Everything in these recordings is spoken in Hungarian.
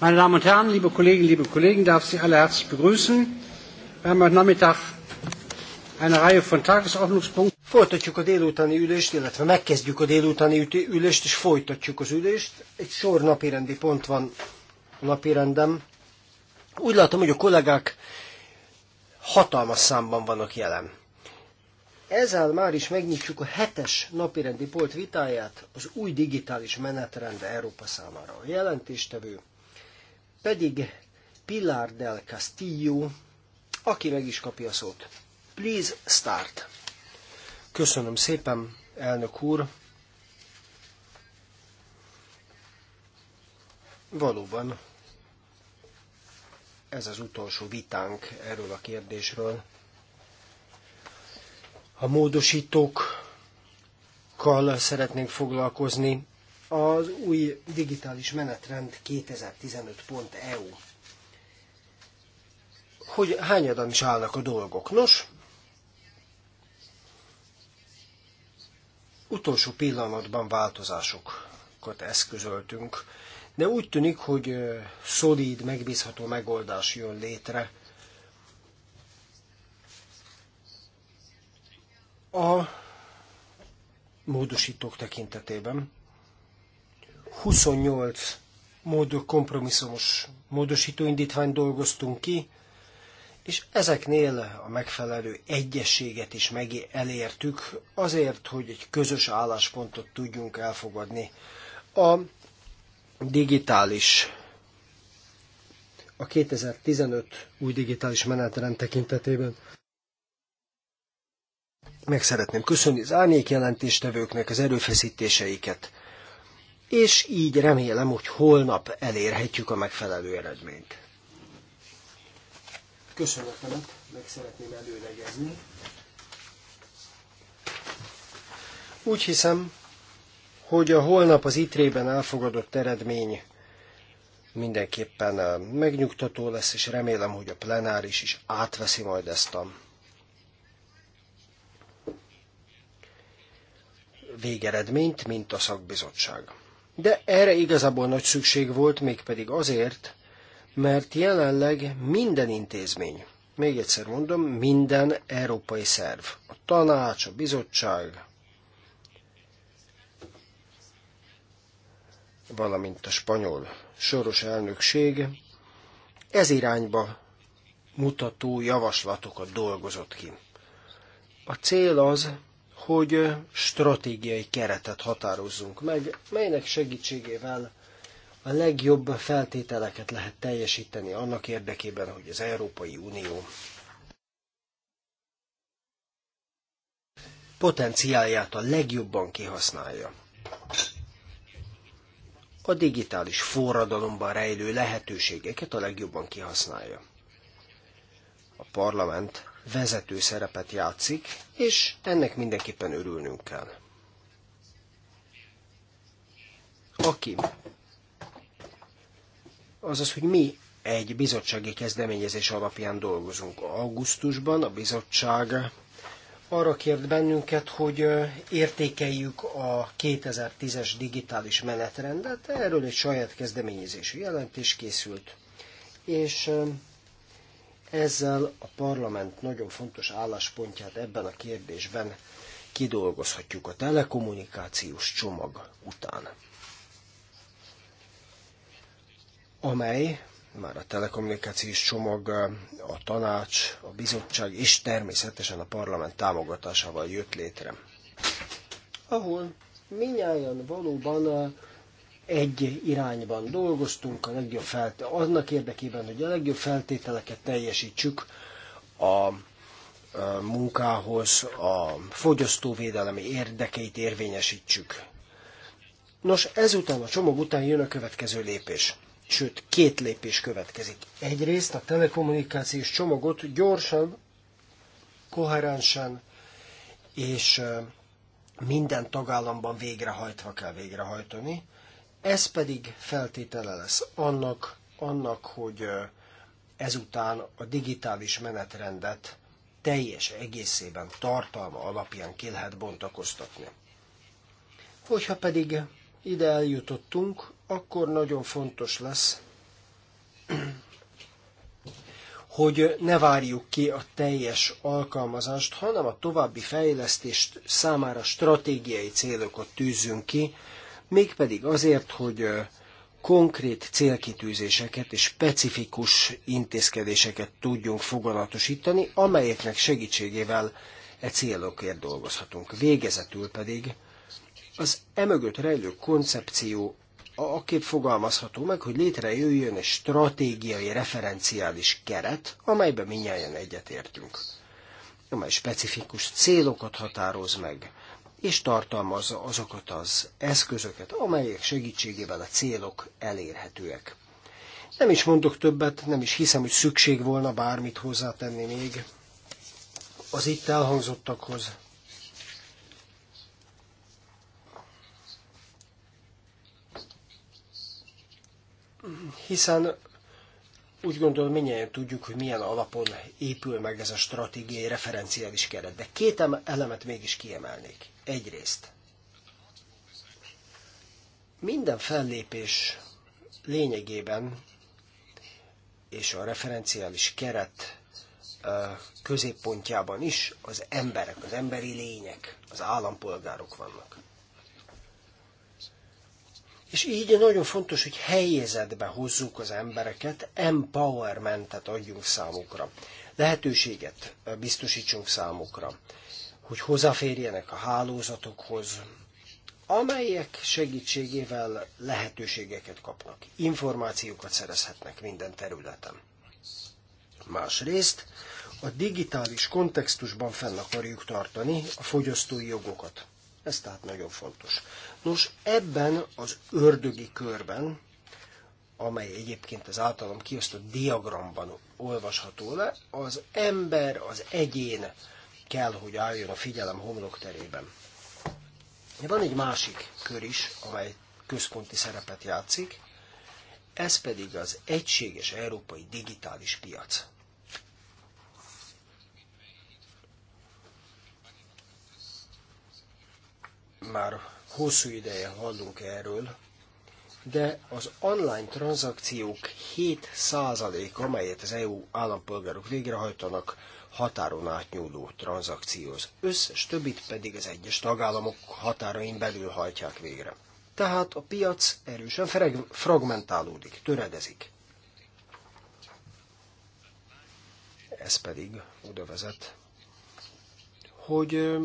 Meine Damen und Herren, liebe Kolleginnen, liebe Kollegen, darf Sie alle herzlich begrüßen. Wir haben heute Nachmittag eine Reihe von Tagesordnungspunkten. Folytatjuk a délutáni ülést, illetve megkezdjük a délutáni ülést, és folytatjuk az ülést. Egy sor napirendi pont van a napirendem. Úgy látom, hogy a kollégák hatalmas számban vannak jelen. Ezzel már is megnyitjuk a hetes napirendi pont vitáját, az új digitális menetrend Európa számára. A jelentéstevő pedig Pilar del Castillo, aki meg is kapja a szót. Please start. Köszönöm szépen, elnök úr. Valóban ez az utolsó vitánk erről a kérdésről. A módosítókkal szeretnénk foglalkozni, az új digitális menetrend 2015.eu. E hogy hányadam is állnak a dolgok? Nos, utolsó pillanatban változásokat eszközöltünk, de úgy tűnik, hogy szolíd, megbízható megoldás jön létre. A módosítók tekintetében 28 mód, kompromisszumos módosító indítvány dolgoztunk ki, és ezeknél a megfelelő egyességet is elértük, azért, hogy egy közös álláspontot tudjunk elfogadni. A digitális, a 2015 új digitális menetrend tekintetében meg szeretném köszönni az árnyék jelentéstevőknek az erőfeszítéseiket és így remélem, hogy holnap elérhetjük a megfelelő eredményt. Köszönetemet meg szeretném előlegezni. Úgy hiszem, hogy a holnap az ITRE-ben elfogadott eredmény mindenképpen eh, megnyugtató lesz, és remélem, hogy a plenáris is átveszi majd ezt a végeredményt, mint a szakbizottság de erre igazából nagy szükség volt, mégpedig azért, mert jelenleg minden intézmény, még egyszer mondom, minden európai szerv, a tanács, a bizottság, valamint a spanyol soros elnökség ez irányba mutató javaslatokat dolgozott ki. A cél az, hogy stratégiai keretet határozzunk meg, melynek segítségével a legjobb feltételeket lehet teljesíteni annak érdekében, hogy az Európai Unió potenciálját a legjobban kihasználja. A digitális forradalomban rejlő lehetőségeket a legjobban kihasználja. A parlament vezető szerepet játszik, és ennek mindenképpen örülnünk kell. Aki, azaz, hogy mi egy bizottsági kezdeményezés alapján dolgozunk. Augusztusban a bizottság arra kért bennünket, hogy értékeljük a 2010-es digitális menetrendet, erről egy saját kezdeményezésű jelentés készült, és ezzel a parlament nagyon fontos álláspontját ebben a kérdésben kidolgozhatjuk a telekommunikációs csomag után, amely már a telekommunikációs csomag, a tanács, a bizottság és természetesen a parlament támogatásával jött létre, ahol minnyáján valóban egy irányban dolgoztunk, a legjobb felt- annak érdekében, hogy a legjobb feltételeket teljesítsük a munkához, a fogyasztóvédelemi érdekeit érvényesítsük. Nos, ezután, a csomag után jön a következő lépés. Sőt, két lépés következik. Egyrészt a telekommunikációs csomagot gyorsan, koherensen és minden tagállamban végrehajtva kell végrehajtani. Ez pedig feltétele lesz annak, annak hogy ezután a digitális menetrendet teljes egészében tartalma alapján ki lehet bontakoztatni. Hogyha pedig ide eljutottunk, akkor nagyon fontos lesz, hogy ne várjuk ki a teljes alkalmazást, hanem a további fejlesztést számára stratégiai célokat tűzünk ki, mégpedig azért, hogy konkrét célkitűzéseket és specifikus intézkedéseket tudjunk fogalatosítani, amelyeknek segítségével e célokért dolgozhatunk. Végezetül pedig az emögött rejlő koncepció akképp fogalmazható meg, hogy létrejöjjön egy stratégiai referenciális keret, amelyben minnyáján egyetértünk, amely specifikus célokat határoz meg, és tartalmazza azokat az eszközöket, amelyek segítségével a célok elérhetőek. Nem is mondok többet, nem is hiszem, hogy szükség volna bármit hozzátenni még az itt elhangzottakhoz. Hiszen úgy gondolom, minnyáján tudjuk, hogy milyen alapon épül meg ez a stratégiai referenciális keret. De két elemet mégis kiemelnék. Egyrészt, minden fellépés lényegében és a referenciális keret középpontjában is az emberek, az emberi lények, az állampolgárok vannak. És így nagyon fontos, hogy helyzetbe hozzuk az embereket, empowermentet adjunk számukra. Lehetőséget biztosítsunk számukra, hogy hozzáférjenek a hálózatokhoz, amelyek segítségével lehetőségeket kapnak, információkat szerezhetnek minden területen. Másrészt a digitális kontextusban fenn akarjuk tartani a fogyasztói jogokat. Ez tehát nagyon fontos. Nos, ebben az ördögi körben, amely egyébként az általam kiosztott diagramban olvasható le, az ember, az egyén kell, hogy álljon a figyelem terében. Van egy másik kör is, amely központi szerepet játszik, ez pedig az egységes európai digitális piac. Már hosszú ideje hallunk erről, de az online tranzakciók 7% amelyet az EU állampolgárok végrehajtanak, határon átnyúló tranzakcióz. Összes többit pedig az egyes tagállamok határain belül hajtják végre. Tehát a piac erősen fragmentálódik, töredezik. Ez pedig oda vezet, hogy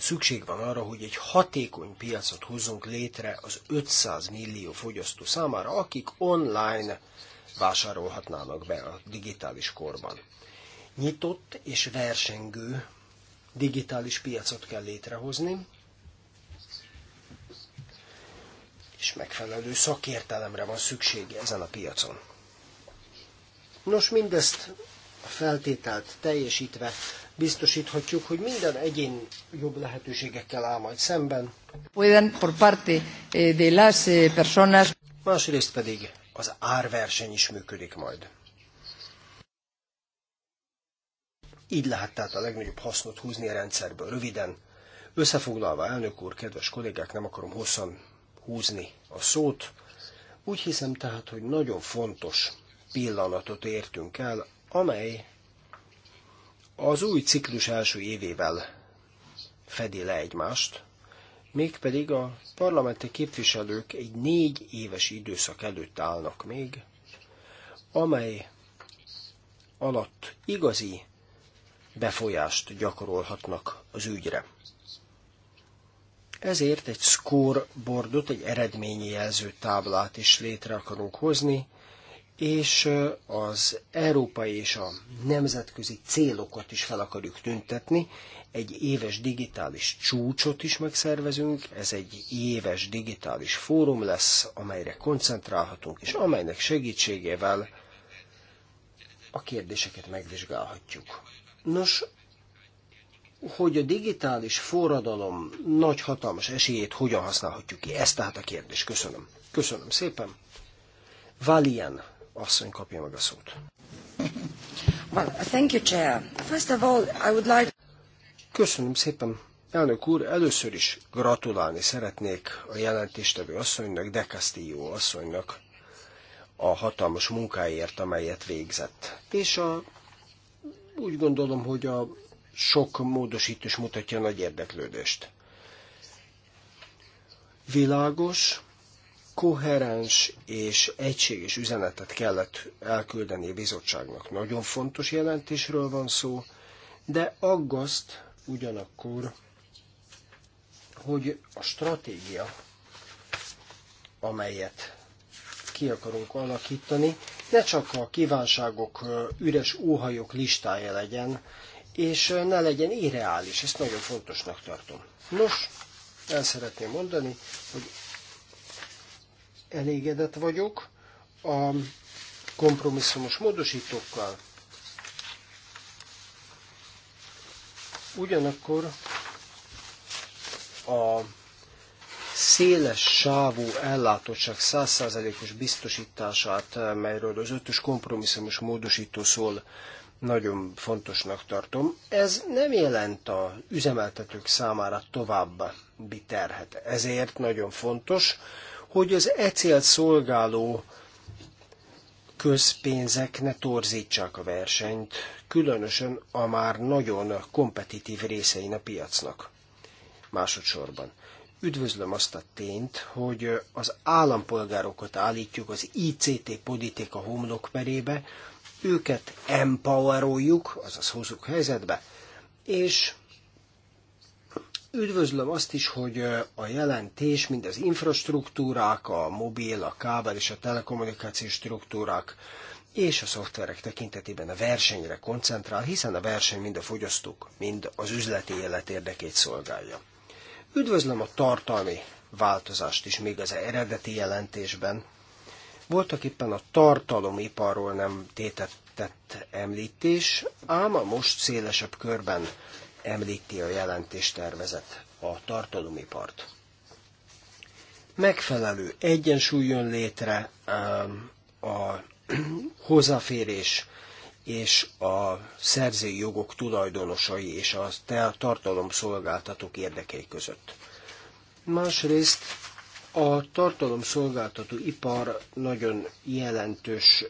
Szükség van arra, hogy egy hatékony piacot hozzunk létre az 500 millió fogyasztó számára, akik online vásárolhatnának be a digitális korban. Nyitott és versengő digitális piacot kell létrehozni, és megfelelő szakértelemre van szükség ezen a piacon. Nos, mindezt a feltételt teljesítve biztosíthatjuk, hogy minden egyén jobb lehetőségekkel áll majd szemben. por parte eh, de las eh, personas. Másrészt pedig az árverseny is működik majd. Így lehet tehát a legnagyobb hasznot húzni a rendszerből. Röviden, összefoglalva, elnök úr, kedves kollégák, nem akarom hosszan húzni a szót. Úgy hiszem tehát, hogy nagyon fontos pillanatot értünk el, amely az új ciklus első évével fedi le egymást, mégpedig a parlamenti képviselők egy négy éves időszak előtt állnak még, amely alatt igazi befolyást gyakorolhatnak az ügyre. Ezért egy scoreboardot, egy eredményjelző táblát is létre akarunk hozni, és az európai és a nemzetközi célokat is fel akarjuk tüntetni. Egy éves digitális csúcsot is megszervezünk, ez egy éves digitális fórum lesz, amelyre koncentrálhatunk, és amelynek segítségével a kérdéseket megvizsgálhatjuk. Nos, hogy a digitális forradalom nagy hatalmas esélyét hogyan használhatjuk ki? Ez tehát a kérdés. Köszönöm. Köszönöm szépen. Valian asszony kapja meg a szót. Well, thank you, Chair. First of all, I would like... Köszönöm szépen, elnök úr. Először is gratulálni szeretnék a jelentéstevő asszonynak, De Castillo asszonynak a hatalmas munkáért, amelyet végzett. És a, úgy gondolom, hogy a sok módosítás mutatja nagy érdeklődést. Világos, koherens és egységes üzenetet kellett elküldeni a bizottságnak. Nagyon fontos jelentésről van szó, de aggaszt ugyanakkor, hogy a stratégia, amelyet ki akarunk alakítani, ne csak a kívánságok üres óhajok listája legyen, és ne legyen irreális, ezt nagyon fontosnak tartom. Nos, el szeretném mondani, hogy elégedett vagyok a kompromisszumos módosítókkal. Ugyanakkor a széles sávú ellátottság 100%-os biztosítását, melyről az ötös kompromisszumos módosító szól, nagyon fontosnak tartom. Ez nem jelent a üzemeltetők számára tovább biterhet. Ezért nagyon fontos, hogy az e célt szolgáló közpénzek ne torzítsák a versenyt, különösen a már nagyon kompetitív részein a piacnak. Másodszorban üdvözlöm azt a tényt, hogy az állampolgárokat állítjuk az ICT politika homlokperébe, őket empoweroljuk, azaz hozzuk helyzetbe, és Üdvözlöm azt is, hogy a jelentés mind az infrastruktúrák, a mobil, a kábel és a telekommunikációs struktúrák és a szoftverek tekintetében a versenyre koncentrál, hiszen a verseny mind a fogyasztók, mind az üzleti élet érdekét szolgálja. Üdvözlöm a tartalmi változást is még az eredeti jelentésben. Voltak éppen a tartalomiparról nem tétett említés, ám a most szélesebb körben említi a jelentéstervezet a tartalomipart. Megfelelő egyensúly jön létre a hozzáférés és a szerzői jogok tulajdonosai és a tartalomszolgáltatók érdekei között. Másrészt a tartalomszolgáltató ipar nagyon jelentős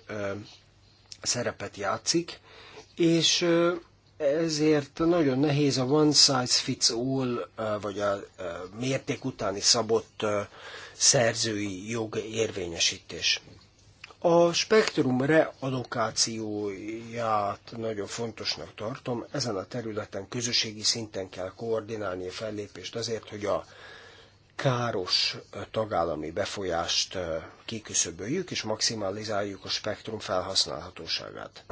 szerepet játszik, és ezért nagyon nehéz a one size fits all, vagy a mérték utáni szabott szerzői jog érvényesítés. A spektrum realokációját nagyon fontosnak tartom, ezen a területen közösségi szinten kell koordinálni a fellépést azért, hogy a káros tagállami befolyást kiküszöböljük és maximalizáljuk a spektrum felhasználhatóságát.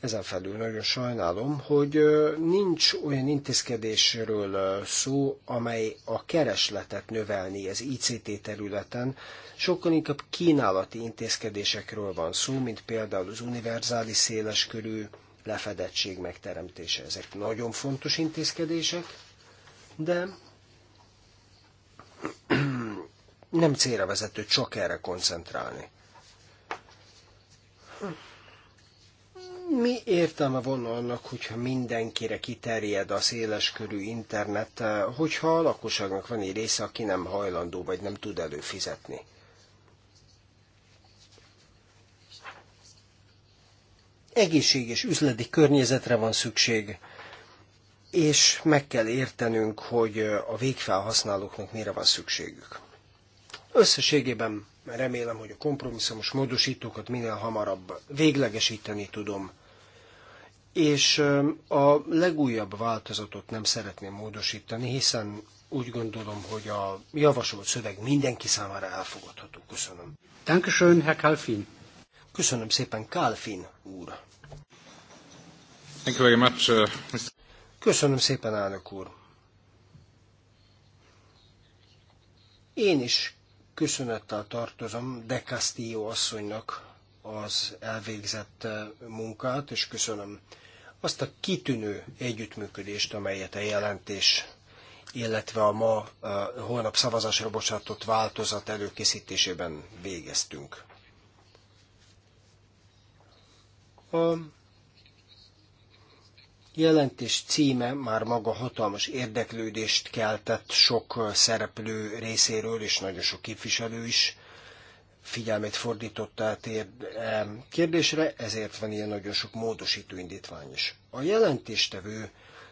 Ezen felül nagyon sajnálom, hogy nincs olyan intézkedésről szó, amely a keresletet növelni az ICT területen, sokkal inkább kínálati intézkedésekről van szó, mint például az univerzális széleskörű lefedettség megteremtése. Ezek nagyon fontos intézkedések, de nem célra vezető csak erre koncentrálni mi értelme van annak, hogyha mindenkire kiterjed a széleskörű internet, hogyha a lakosságnak van egy része, aki nem hajlandó vagy nem tud előfizetni? Egészséges üzleti környezetre van szükség, és meg kell értenünk, hogy a végfelhasználóknak mire van szükségük. Összességében remélem, hogy a kompromisszumos módosítókat minél hamarabb véglegesíteni tudom, és a legújabb változatot nem szeretném módosítani, hiszen úgy gondolom, hogy a javasolt szöveg mindenki számára elfogadható. Köszönöm. Dankeschön, Herr Kalfin. Köszönöm szépen, Kalfin úr. Thank you very much, uh, Köszönöm szépen, elnök úr. Én is köszönettel tartozom De Castillo asszonynak az elvégzett uh, munkát, és köszönöm azt a kitűnő együttműködést, amelyet a jelentés, illetve a ma a holnap szavazásra bocsátott változat előkészítésében végeztünk. A jelentés címe már maga hatalmas érdeklődést keltett sok szereplő részéről, és nagyon sok képviselő is figyelmét fordította a e, kérdésre, ezért van ilyen nagyon sok módosító indítvány is. A jelentéstevő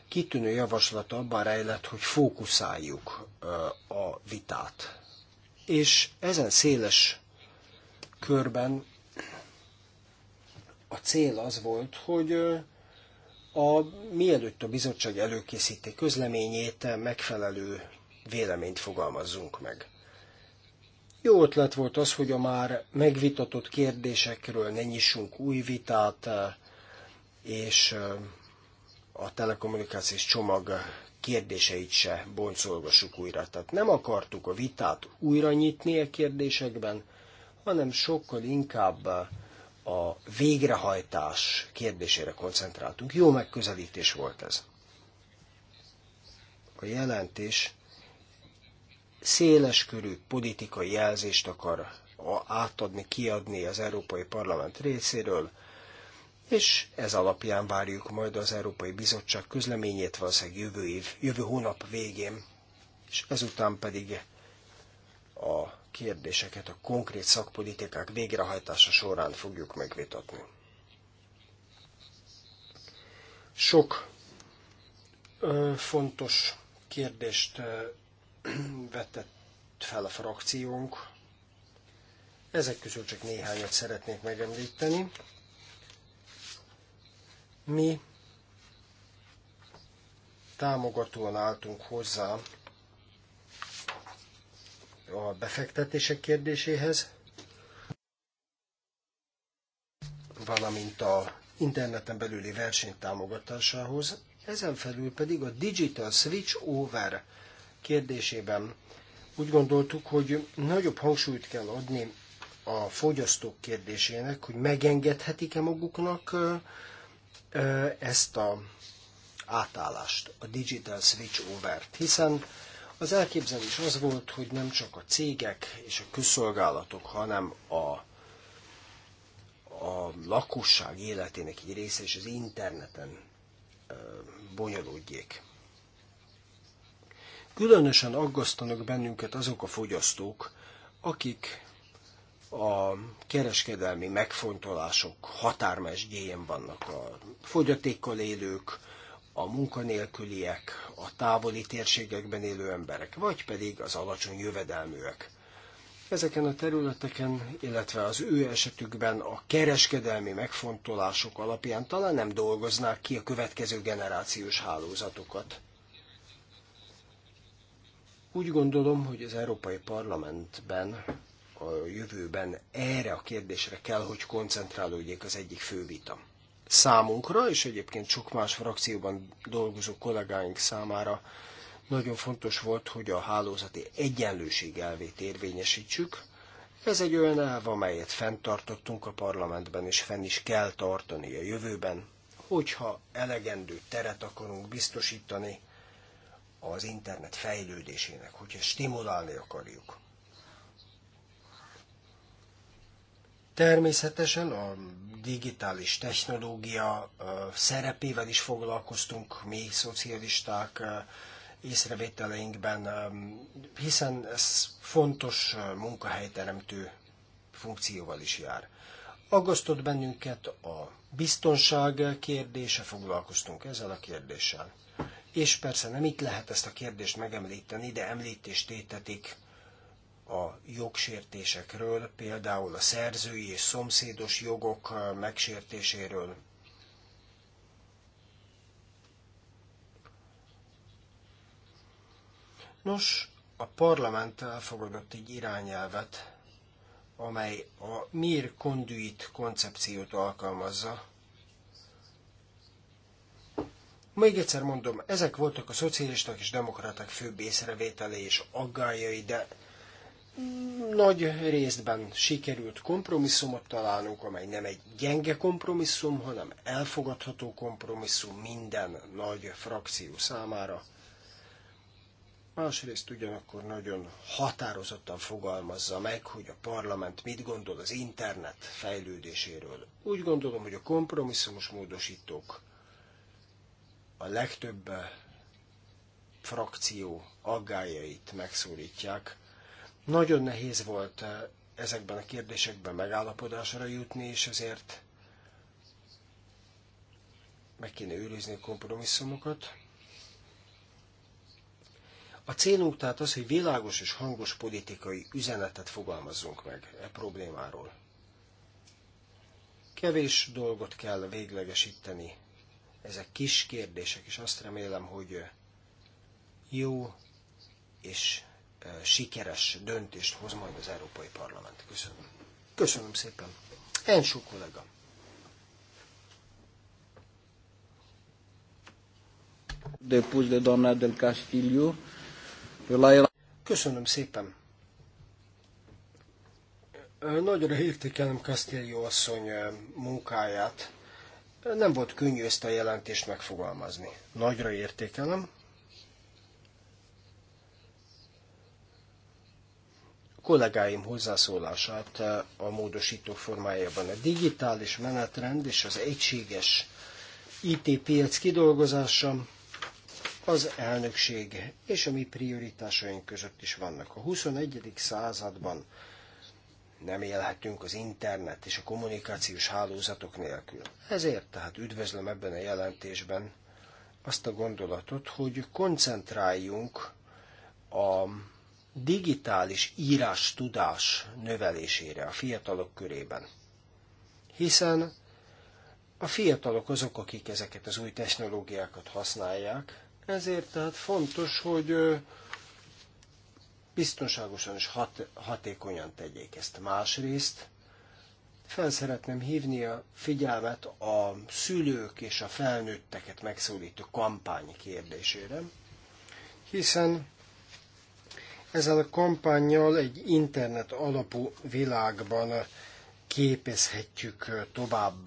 kitűnő javaslata abban rejlett, hogy fókuszáljuk e, a vitát. És ezen széles körben a cél az volt, hogy e, a, mielőtt a bizottság előkészíti közleményét, megfelelő véleményt fogalmazzunk meg. Jó ötlet volt az, hogy a már megvitatott kérdésekről ne nyissunk új vitát, és a telekommunikációs csomag kérdéseit se boncolgassuk újra. Tehát nem akartuk a vitát újra nyitni a e kérdésekben, hanem sokkal inkább a végrehajtás kérdésére koncentráltunk. Jó megközelítés volt ez. A jelentés széleskörű politikai jelzést akar átadni, kiadni az Európai Parlament részéről, és ez alapján várjuk majd az Európai Bizottság közleményét valószínűleg jövő év, jövő hónap végén, és ezután pedig a kérdéseket a konkrét szakpolitikák végrehajtása során fogjuk megvitatni. Sok ö, fontos kérdést vetett fel a frakciónk. Ezek közül csak néhányat szeretnék megemlíteni. Mi támogatóan álltunk hozzá a befektetések kérdéséhez, valamint a interneten belüli verseny támogatásához, ezen felül pedig a Digital Switch Over kérdésében úgy gondoltuk, hogy nagyobb hangsúlyt kell adni a fogyasztók kérdésének, hogy megengedhetik-e maguknak ezt a átállást, a digital switch over-t, hiszen az elképzelés az volt, hogy nem csak a cégek és a közszolgálatok, hanem a a lakosság életének egy része is az interneten bonyolódjék. Különösen aggasztanak bennünket azok a fogyasztók, akik a kereskedelmi megfontolások határmes gyéjén vannak. A fogyatékkal élők, a munkanélküliek, a távoli térségekben élő emberek, vagy pedig az alacsony jövedelműek. Ezeken a területeken, illetve az ő esetükben a kereskedelmi megfontolások alapján talán nem dolgoznák ki a következő generációs hálózatokat. Úgy gondolom, hogy az Európai Parlamentben a jövőben erre a kérdésre kell, hogy koncentrálódjék az egyik fő vita. Számunkra, és egyébként sok más frakcióban dolgozó kollégáink számára nagyon fontos volt, hogy a hálózati egyenlőség elvét érvényesítsük. Ez egy olyan elv, amelyet fenntartottunk a parlamentben, és fenn is kell tartani a jövőben, hogyha elegendő teret akarunk biztosítani az internet fejlődésének, hogyha stimulálni akarjuk. Természetesen a digitális technológia szerepével is foglalkoztunk mi szocialisták észrevételeinkben, hiszen ez fontos munkahelyteremtő funkcióval is jár. Aggasztott bennünket a biztonság kérdése, foglalkoztunk ezzel a kérdéssel. És persze nem itt lehet ezt a kérdést megemlíteni, de említést tétetik a jogsértésekről, például a szerzői és szomszédos jogok megsértéséről. Nos, a parlament elfogadott egy irányelvet, amely a mir conduit koncepciót alkalmazza, még egyszer mondom, ezek voltak a szocialisták és demokraták főbb észrevételei és aggájai, de nagy részben sikerült kompromisszumot találnunk, amely nem egy gyenge kompromisszum, hanem elfogadható kompromisszum minden nagy frakció számára. Másrészt ugyanakkor nagyon határozottan fogalmazza meg, hogy a parlament mit gondol az internet fejlődéséről. Úgy gondolom, hogy a kompromisszumos módosítók a legtöbb eh, frakció aggájait megszólítják. Nagyon nehéz volt eh, ezekben a kérdésekben megállapodásra jutni, és ezért meg kéne őrizni a kompromisszumokat. A célunk tehát az, hogy világos és hangos politikai üzenetet fogalmazzunk meg e problémáról. Kevés dolgot kell véglegesíteni ezek kis kérdések, és azt remélem, hogy jó és sikeres döntést hoz majd az Európai Parlament. Köszönöm. Köszönöm szépen. Ensó kollega. Depus de doamna del Castillo. Köszönöm szépen. Nagyra értékelem Castillo asszony munkáját. Nem volt könnyű ezt a jelentést megfogalmazni. Nagyra értékelem. A kollégáim hozzászólását eh, a módosító formájában a digitális menetrend és az egységes IT piac kidolgozása az elnökség és a mi prioritásaink között is vannak. A 21. században nem élhetünk az internet és a kommunikációs hálózatok nélkül. Ezért tehát üdvözlöm ebben a jelentésben azt a gondolatot, hogy koncentráljunk a digitális írás tudás növelésére a fiatalok körében. Hiszen a fiatalok azok, akik ezeket az új technológiákat használják, ezért tehát fontos, hogy biztonságosan és hat, hatékonyan tegyék ezt. Másrészt fel szeretném hívni a figyelmet a szülők és a felnőtteket megszólító kampány kérdésére, hiszen ezzel a kampányjal egy internet alapú világban képezhetjük tovább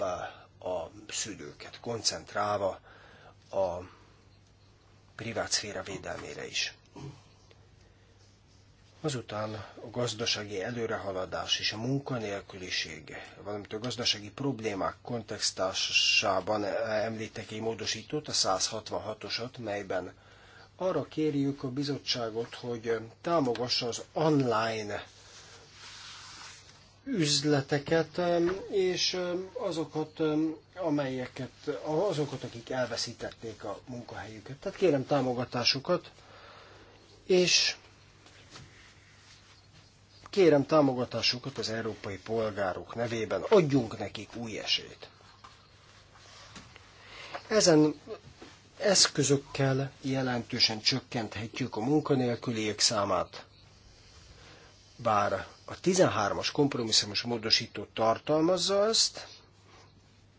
a szülőket, koncentrálva a privát védelmére is. Azután a gazdasági előrehaladás és a munkanélküliség, valamint a gazdasági problémák kontextásában említek egy módosítót, a 166-osat, melyben arra kérjük a bizottságot, hogy támogassa az online üzleteket, és azokat, amelyeket, azokat, akik elveszítették a munkahelyüket. Tehát kérem támogatásukat, és Kérem támogatásukat az európai polgárok nevében, adjunk nekik új esélyt. Ezen eszközökkel jelentősen csökkenthetjük a munkanélküliek számát, bár a 13-as kompromisszumos módosító tartalmazza ezt,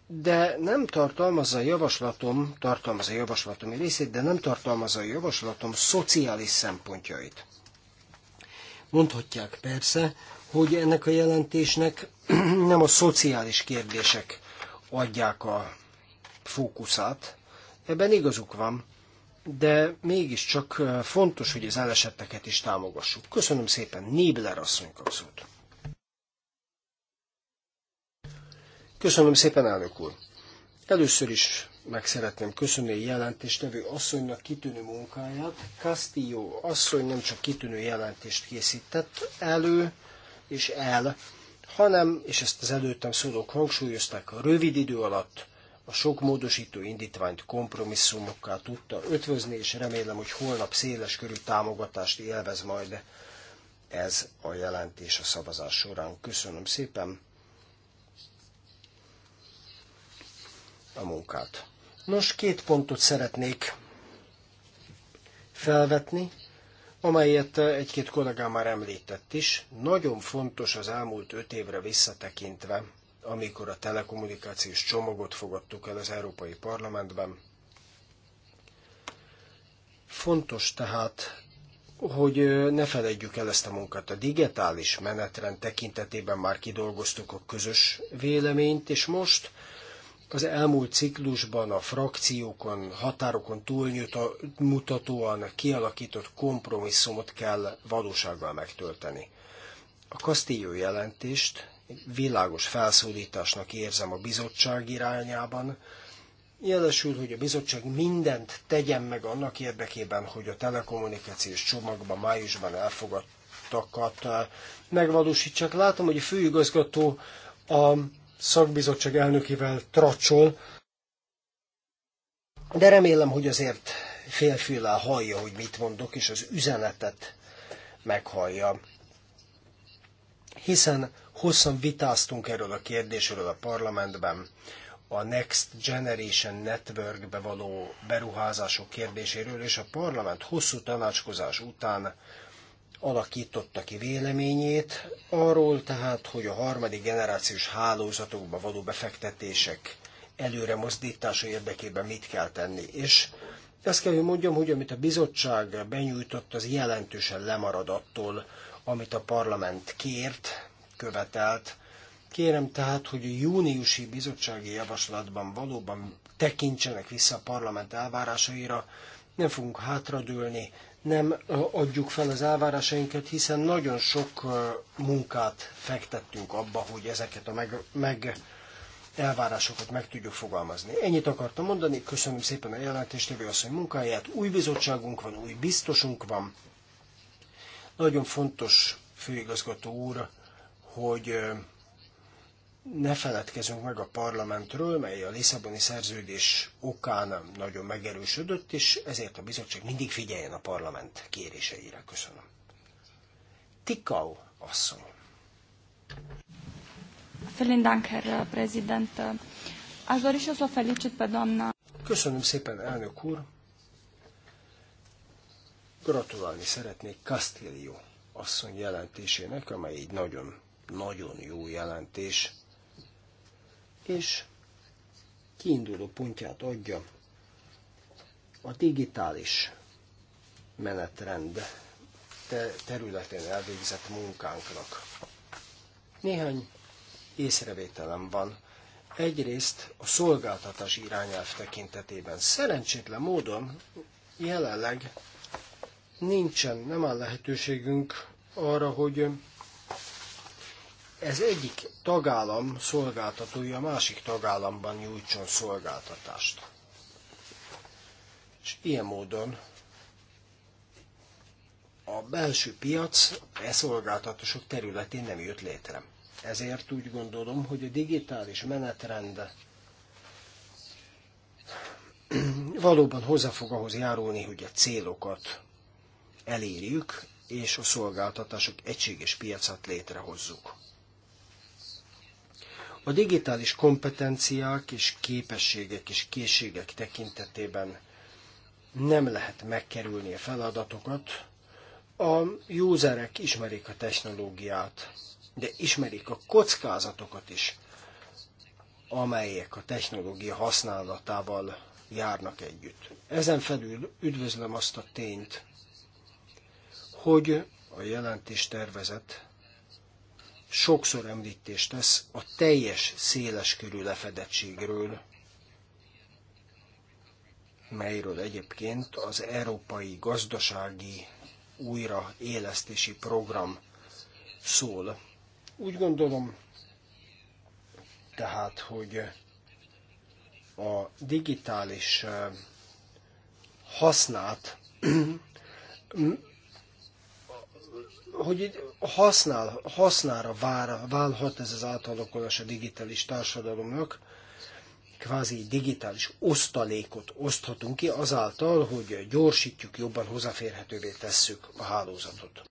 de nem tartalmazza a javaslatom, tartalmazza a javaslatom részét, de nem tartalmazza a javaslatom szociális szempontjait. Mondhatják persze, hogy ennek a jelentésnek nem a szociális kérdések adják a fókuszát. Ebben igazuk van, de mégiscsak fontos, hogy az elesetteket is támogassuk. Köszönöm szépen, Nibler asszony kapszót. Köszönöm szépen, elnök úr. Először is meg szeretném köszönni a jelentéstevő asszonynak kitűnő munkáját. Castillo asszony nem csak kitűnő jelentést készített elő és el, hanem, és ezt az előttem szólók hangsúlyozták, a rövid idő alatt a sok módosító indítványt kompromisszumokkal tudta ötvözni, és remélem, hogy holnap széles körű támogatást élvez majd ez a jelentés a szavazás során. Köszönöm szépen! a munkát. Nos, két pontot szeretnék felvetni, amelyet eh, egy-két kollégám már említett is. Nagyon fontos az elmúlt öt évre visszatekintve, amikor a telekommunikációs csomagot fogadtuk el az Európai Parlamentben. Fontos tehát, hogy eh, ne feledjük el ezt a munkát. A digitális menetrend tekintetében már kidolgoztuk a közös véleményt, és most az elmúlt ciklusban a frakciókon, határokon túlmutatóan kialakított kompromisszumot kell valósággal megtölteni. A Castillo jelentést világos felszólításnak érzem a bizottság irányában, jelesül, hogy a bizottság mindent tegyen meg annak érdekében, hogy a telekommunikációs csomagban májusban elfogadtakat megvalósítsák. Látom, hogy a főigazgató a szakbizottság elnökével tracsol, de remélem, hogy azért félfüllel hallja, hogy mit mondok, és az üzenetet meghallja. Hiszen hosszan vitáztunk erről a kérdésről a parlamentben, a Next Generation Networkbe való beruházások kérdéséről, és a parlament hosszú tanácskozás után alakította ki véleményét arról tehát, hogy a harmadik generációs hálózatokba való befektetések előre mozdítása érdekében mit kell tenni. És azt kell, hogy mondjam, hogy amit a bizottság benyújtott, az jelentősen lemarad attól, amit a parlament kért, követelt. Kérem tehát, hogy a júniusi bizottsági javaslatban valóban tekintsenek vissza a parlament elvárásaira, nem fogunk hátradőlni, nem adjuk fel az elvárásainkat, hiszen nagyon sok munkát fektettünk abba, hogy ezeket a meg, meg elvárásokat meg tudjuk fogalmazni. Ennyit akartam mondani, köszönöm szépen a jelentéstevő asszony munkáját, új bizottságunk van, új biztosunk van. Nagyon fontos, főigazgató úr, hogy ne feledkezünk meg a parlamentről, mely a Lisszaboni szerződés okán nagyon megerősödött, és ezért a bizottság mindig figyeljen a parlament kéréseire. Köszönöm. Tikau asszony. Vielen Dank, Herr Präsident. Aș dori și felicit pe doamna. Köszönöm szépen, elnök úr. Gratulálni szeretnék Castillo asszony jelentésének, amely egy nagyon nagyon jó jelentés és kiinduló pontját adja a digitális menetrend területén elvégzett munkánknak. Néhány észrevételem van. Egyrészt a szolgáltatás irányelv tekintetében szerencsétlen módon jelenleg nincsen, nem áll lehetőségünk arra, hogy ez egyik tagállam szolgáltatója a másik tagállamban nyújtson szolgáltatást. És ilyen módon a belső piac e szolgáltatások területén nem jött létre. Ezért úgy gondolom, hogy a digitális menetrend valóban hozzá fog ahhoz járulni, hogy a célokat elérjük, és a szolgáltatások egységes piacát létrehozzuk. A digitális kompetenciák és képességek és készségek tekintetében nem lehet megkerülni a feladatokat. A userek ismerik a technológiát, de ismerik a kockázatokat is, amelyek a technológia használatával járnak együtt. Ezen felül üdvözlöm azt a tényt, hogy a jelentés tervezet sokszor említést tesz a teljes széleskörű lefedettségről, melyről egyébként az Európai Gazdasági Újraélesztési Program szól. Úgy gondolom, tehát, hogy a digitális hasznát hogy használ, hasznára vár, válhat ez az átalakulás a digitális társadalomnak, kvázi digitális osztalékot oszthatunk ki azáltal, hogy gyorsítjuk, jobban hozzáférhetővé tesszük a hálózatot.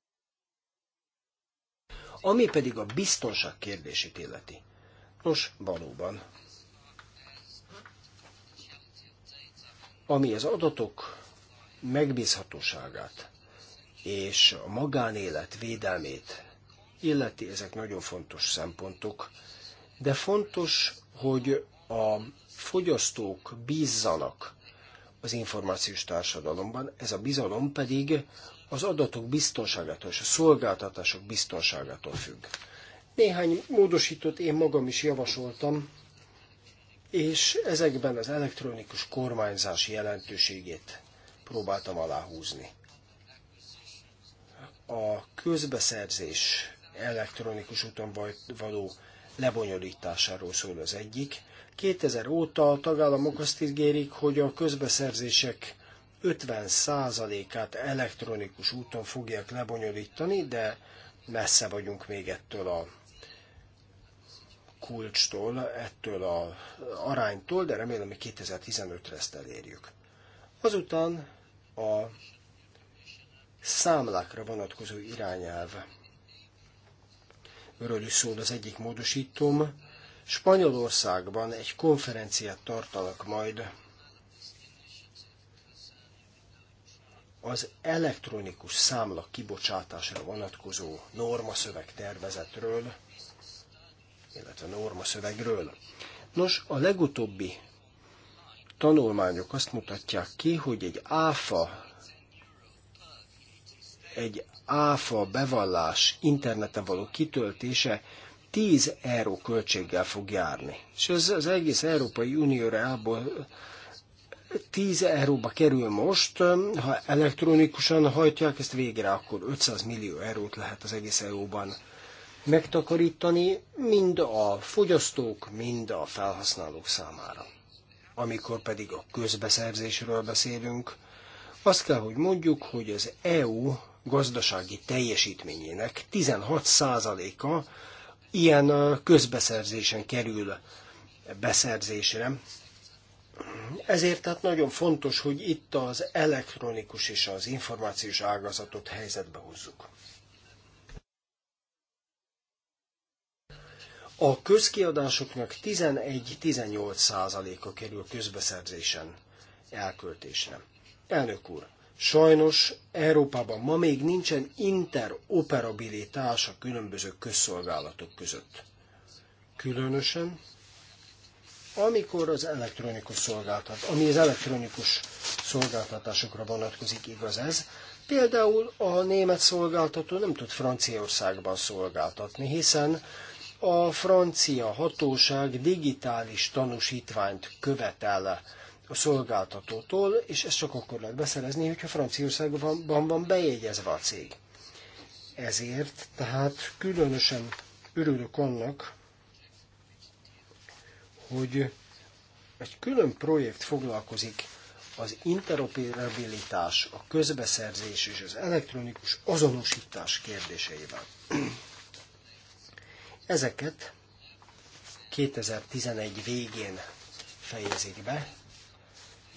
Ami pedig a biztonság kérdését illeti. Nos, valóban. Ami az adatok megbízhatóságát és a magánélet védelmét illeti, ezek nagyon fontos szempontok, de fontos, hogy a fogyasztók bízzanak az információs társadalomban, ez a bizalom pedig az adatok biztonságától és a szolgáltatások biztonságától függ. Néhány módosítót én magam is javasoltam, és ezekben az elektronikus kormányzás jelentőségét próbáltam aláhúzni a közbeszerzés elektronikus úton való lebonyolításáról szól az egyik. 2000 óta a tagállamok azt ígérik, hogy a közbeszerzések 50%-át elektronikus úton fogják lebonyolítani, de messze vagyunk még ettől a kulcstól, ettől a aránytól, de remélem, hogy 2015-re ezt elérjük. Azután a számlákra vonatkozó irányelv. Örül is szól az egyik módosítom. Spanyolországban egy konferenciát tartanak majd az elektronikus számla kibocsátásra vonatkozó normaszöveg tervezetről, illetve normaszövegről. Nos, a legutóbbi tanulmányok azt mutatják ki, hogy egy áfa egy áfa bevallás interneten való kitöltése 10 euró költséggel fog járni. És ez az egész Európai Unióra 10 euróba kerül most, ha elektronikusan hajtják ezt végre, akkor 500 millió eurót lehet az egész EU-ban megtakarítani, mind a fogyasztók, mind a felhasználók számára. Amikor pedig a közbeszerzésről beszélünk, azt kell, hogy mondjuk, hogy az EU gazdasági teljesítményének 16%-a ilyen közbeszerzésen kerül beszerzésre. Ezért tehát nagyon fontos, hogy itt az elektronikus és az információs ágazatot helyzetbe hozzuk. A közkiadásoknak 11-18 százaléka kerül közbeszerzésen elköltésre. Elnök úr, Sajnos Európában ma még nincsen interoperabilitás a különböző közszolgálatok között. Különösen, amikor az elektronikus szolgáltat, ami az elektronikus szolgáltatásokra vonatkozik, igaz ez, például a német szolgáltató nem tud Franciaországban szolgáltatni, hiszen a francia hatóság digitális tanúsítványt követel a szolgáltatótól, és ezt csak akkor lehet beszerezni, hogyha Franciaországban van, bejegyezve a cég. Ezért tehát különösen örülök annak, hogy egy külön projekt foglalkozik az interoperabilitás, a közbeszerzés és az elektronikus azonosítás kérdéseivel. Ezeket 2011 végén fejezik be,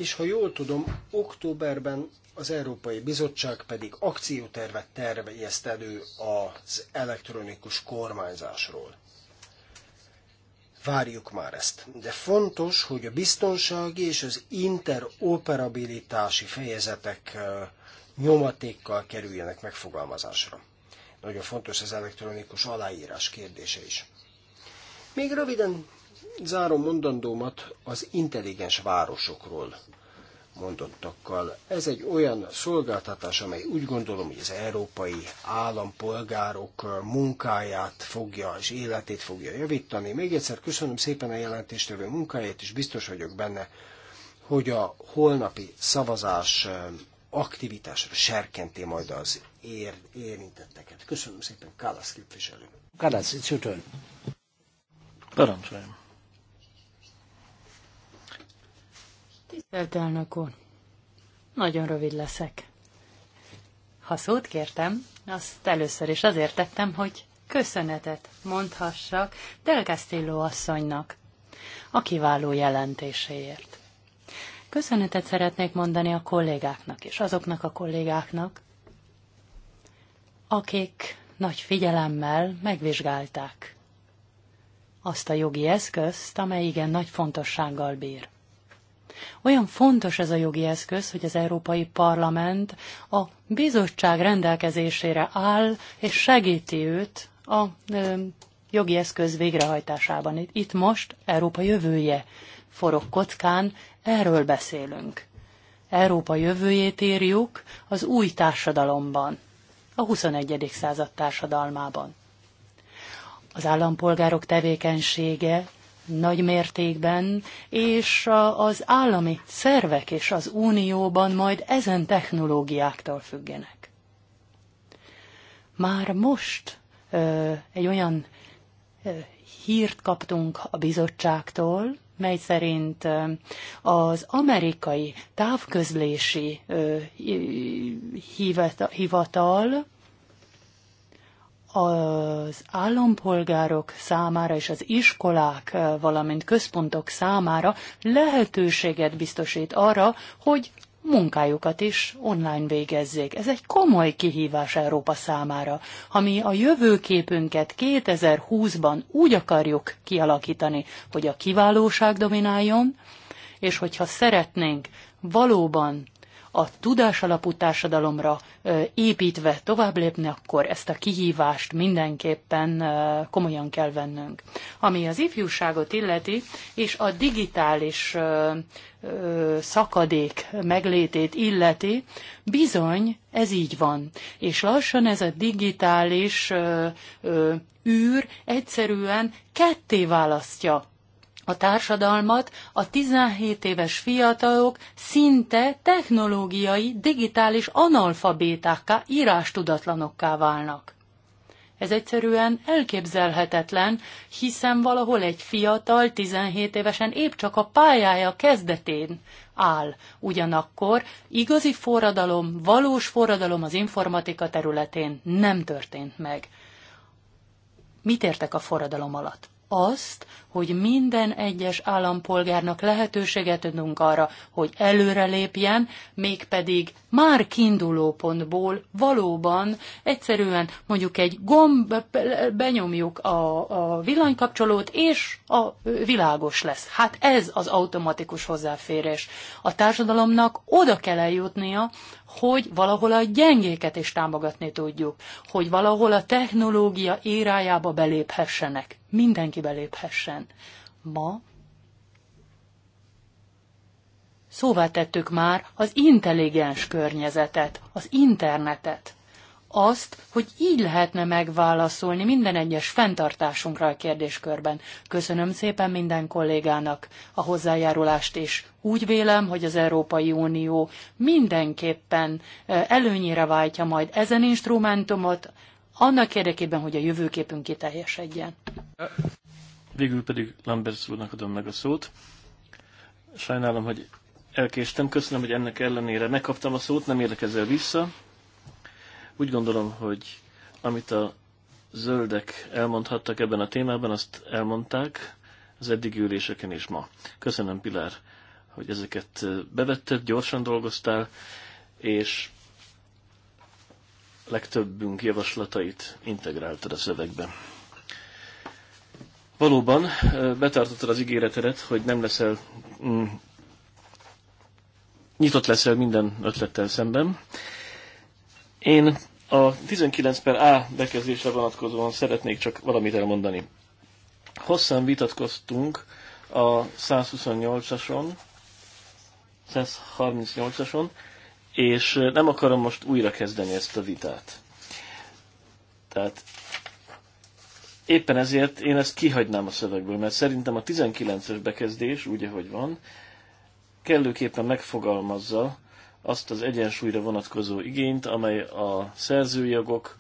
és ha jól tudom, októberben az Európai Bizottság pedig akciótervet terjeszt elő az elektronikus kormányzásról. Várjuk már ezt. De fontos, hogy a biztonsági és az interoperabilitási fejezetek nyomatékkal kerüljenek megfogalmazásra. Nagyon fontos az elektronikus aláírás kérdése is. Még röviden zárom mondandómat az intelligens városokról mondottakkal. Ez egy olyan szolgáltatás, amely úgy gondolom, hogy az európai állampolgárok munkáját fogja és életét fogja javítani. Még egyszer köszönöm szépen a jelentéstevő munkáját, és biztos vagyok benne, hogy a holnapi szavazás aktivitásra serkenti majd az ér, érintetteket. Köszönöm szépen, Kálasz képviselő. Kálasz, it's your turn. Parancsoljam. Tisztelt elnök úr, nagyon rövid leszek. Ha szót kértem, azt először is azért tettem, hogy köszönetet mondhassak Del Castillo asszonynak a kiváló jelentéséért. Köszönetet szeretnék mondani a kollégáknak és azoknak a kollégáknak, akik nagy figyelemmel megvizsgálták azt a jogi eszközt, amely igen nagy fontossággal bír. Olyan fontos ez a jogi eszköz, hogy az Európai Parlament a bizottság rendelkezésére áll, és segíti őt a ö, jogi eszköz végrehajtásában. Itt most Európa jövője forog kockán, erről beszélünk. Európa jövőjét írjuk az új társadalomban, a 21. század társadalmában. Az állampolgárok tevékenysége nagy mértékben, és az állami szervek és az unióban majd ezen technológiáktól függenek. Már most egy olyan hírt kaptunk a bizottságtól, mely szerint az amerikai távközlési hivatal az állampolgárok számára és az iskolák, valamint központok számára lehetőséget biztosít arra, hogy munkájukat is online végezzék. Ez egy komoly kihívás Európa számára. Ha mi a jövőképünket 2020-ban úgy akarjuk kialakítani, hogy a kiválóság domináljon, és hogyha szeretnénk valóban a tudásalapú társadalomra építve tovább lépni, akkor ezt a kihívást mindenképpen komolyan kell vennünk. Ami az ifjúságot illeti, és a digitális szakadék meglétét illeti, bizony ez így van. És lassan ez a digitális űr egyszerűen ketté választja a társadalmat a 17 éves fiatalok szinte technológiai, digitális analfabétákká, írástudatlanokká válnak. Ez egyszerűen elképzelhetetlen, hiszen valahol egy fiatal 17 évesen épp csak a pályája kezdetén áll. Ugyanakkor igazi forradalom, valós forradalom az informatika területén nem történt meg. Mit értek a forradalom alatt? azt, hogy minden egyes állampolgárnak lehetőséget adunk arra, hogy előrelépjen, mégpedig már kiinduló pontból valóban egyszerűen mondjuk egy gomb, benyomjuk a, a villanykapcsolót, és a világos lesz. Hát ez az automatikus hozzáférés. A társadalomnak oda kell eljutnia, hogy valahol a gyengéket is támogatni tudjuk, hogy valahol a technológia érájába beléphessenek mindenki beléphessen. Ma szóvá tettük már az intelligens környezetet, az internetet. Azt, hogy így lehetne megválaszolni minden egyes fenntartásunkra a kérdéskörben. Köszönöm szépen minden kollégának a hozzájárulást és Úgy vélem, hogy az Európai Unió mindenképpen eh, előnyére váltja majd ezen instrumentumot, annak érdekében, hogy a jövőképünk kiteljesedjen. Végül pedig Lambert úrnak adom meg a szót. Sajnálom, hogy elkéstem. Köszönöm, hogy ennek ellenére megkaptam a szót, nem érlek vissza. Úgy gondolom, hogy amit a zöldek elmondhattak ebben a témában, azt elmondták az eddigi üléseken is ma. Köszönöm, Pilár, hogy ezeket bevetted, gyorsan dolgoztál, és legtöbbünk javaslatait integráltad a szövegbe. Valóban betartottad az ígéretedet, hogy nem leszel mm, nyitott leszel minden ötlettel szemben. Én a 19 per A bekezdésre vonatkozóan szeretnék csak valamit elmondani. Hosszan vitatkoztunk a 128-ason, 138-ason, és nem akarom most újra kezdeni ezt a vitát. Tehát éppen ezért én ezt kihagynám a szövegből, mert szerintem a 19-es bekezdés, úgy ahogy van, kellőképpen megfogalmazza azt az egyensúlyra vonatkozó igényt, amely a szerzőjogok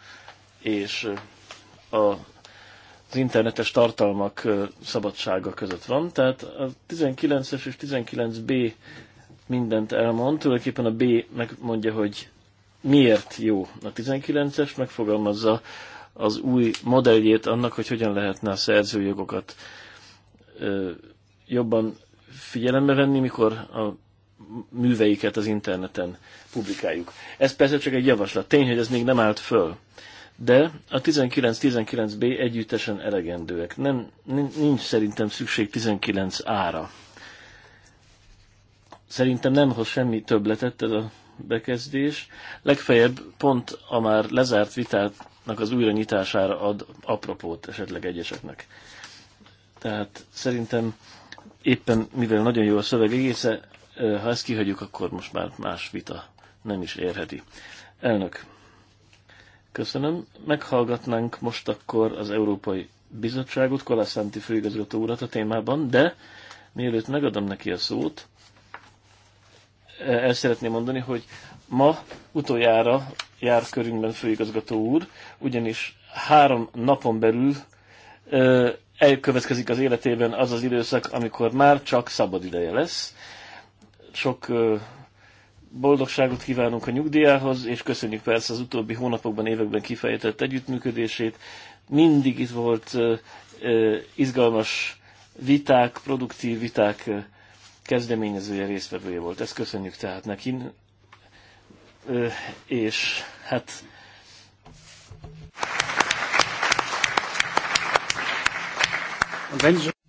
és a, az internetes tartalmak szabadsága között van. Tehát a 19-es és 19b mindent elmond, tulajdonképpen a B megmondja, hogy miért jó a 19-es, megfogalmazza az új modelljét annak, hogy hogyan lehetne a szerzőjogokat jobban figyelembe venni, mikor a műveiket az interneten publikáljuk. Ez persze csak egy javaslat. Tény, hogy ez még nem állt föl. De a 19-19B együttesen elegendőek. Nem, nincs szerintem szükség 19 ára. Szerintem nem hoz semmi többletet ez a bekezdés. Legfeljebb pont a már lezárt vitának az újra nyitására ad apropót esetleg egyeseknek. Tehát szerintem éppen, mivel nagyon jó a szöveg egésze, ha ezt kihagyjuk, akkor most már más vita nem is érheti. Elnök, köszönöm. Meghallgatnánk most akkor az Európai Bizottságot, Kolászánti főigazgató urat a témában, de mielőtt megadom neki a szót, Eh, el szeretném mondani, hogy ma utoljára jár körünkben főigazgató úr, ugyanis három napon belül eh, elkövetkezik az életében az az időszak, amikor már csak szabad ideje lesz. Sok eh, boldogságot kívánunk a nyugdíjához, és köszönjük persze az utóbbi hónapokban, években kifejtett együttműködését. Mindig itt volt izgalmas viták, produktív viták kezdeményezője, résztvevője volt. Ezt köszönjük tehát neki. És hát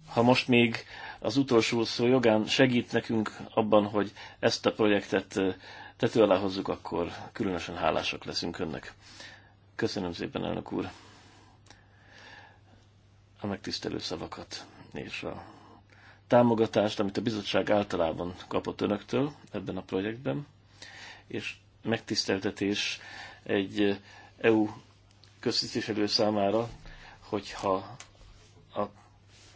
ha most még az utolsó szó jogán segít nekünk abban, hogy ezt a projektet tető alá hozzuk, akkor különösen hálásak leszünk önnek. Köszönöm szépen, elnök úr, a megtisztelő szavakat és a támogatást, amit a bizottság általában kapott önöktől ebben a projektben, és megtiszteltetés egy EU köztisztviselő számára, hogyha a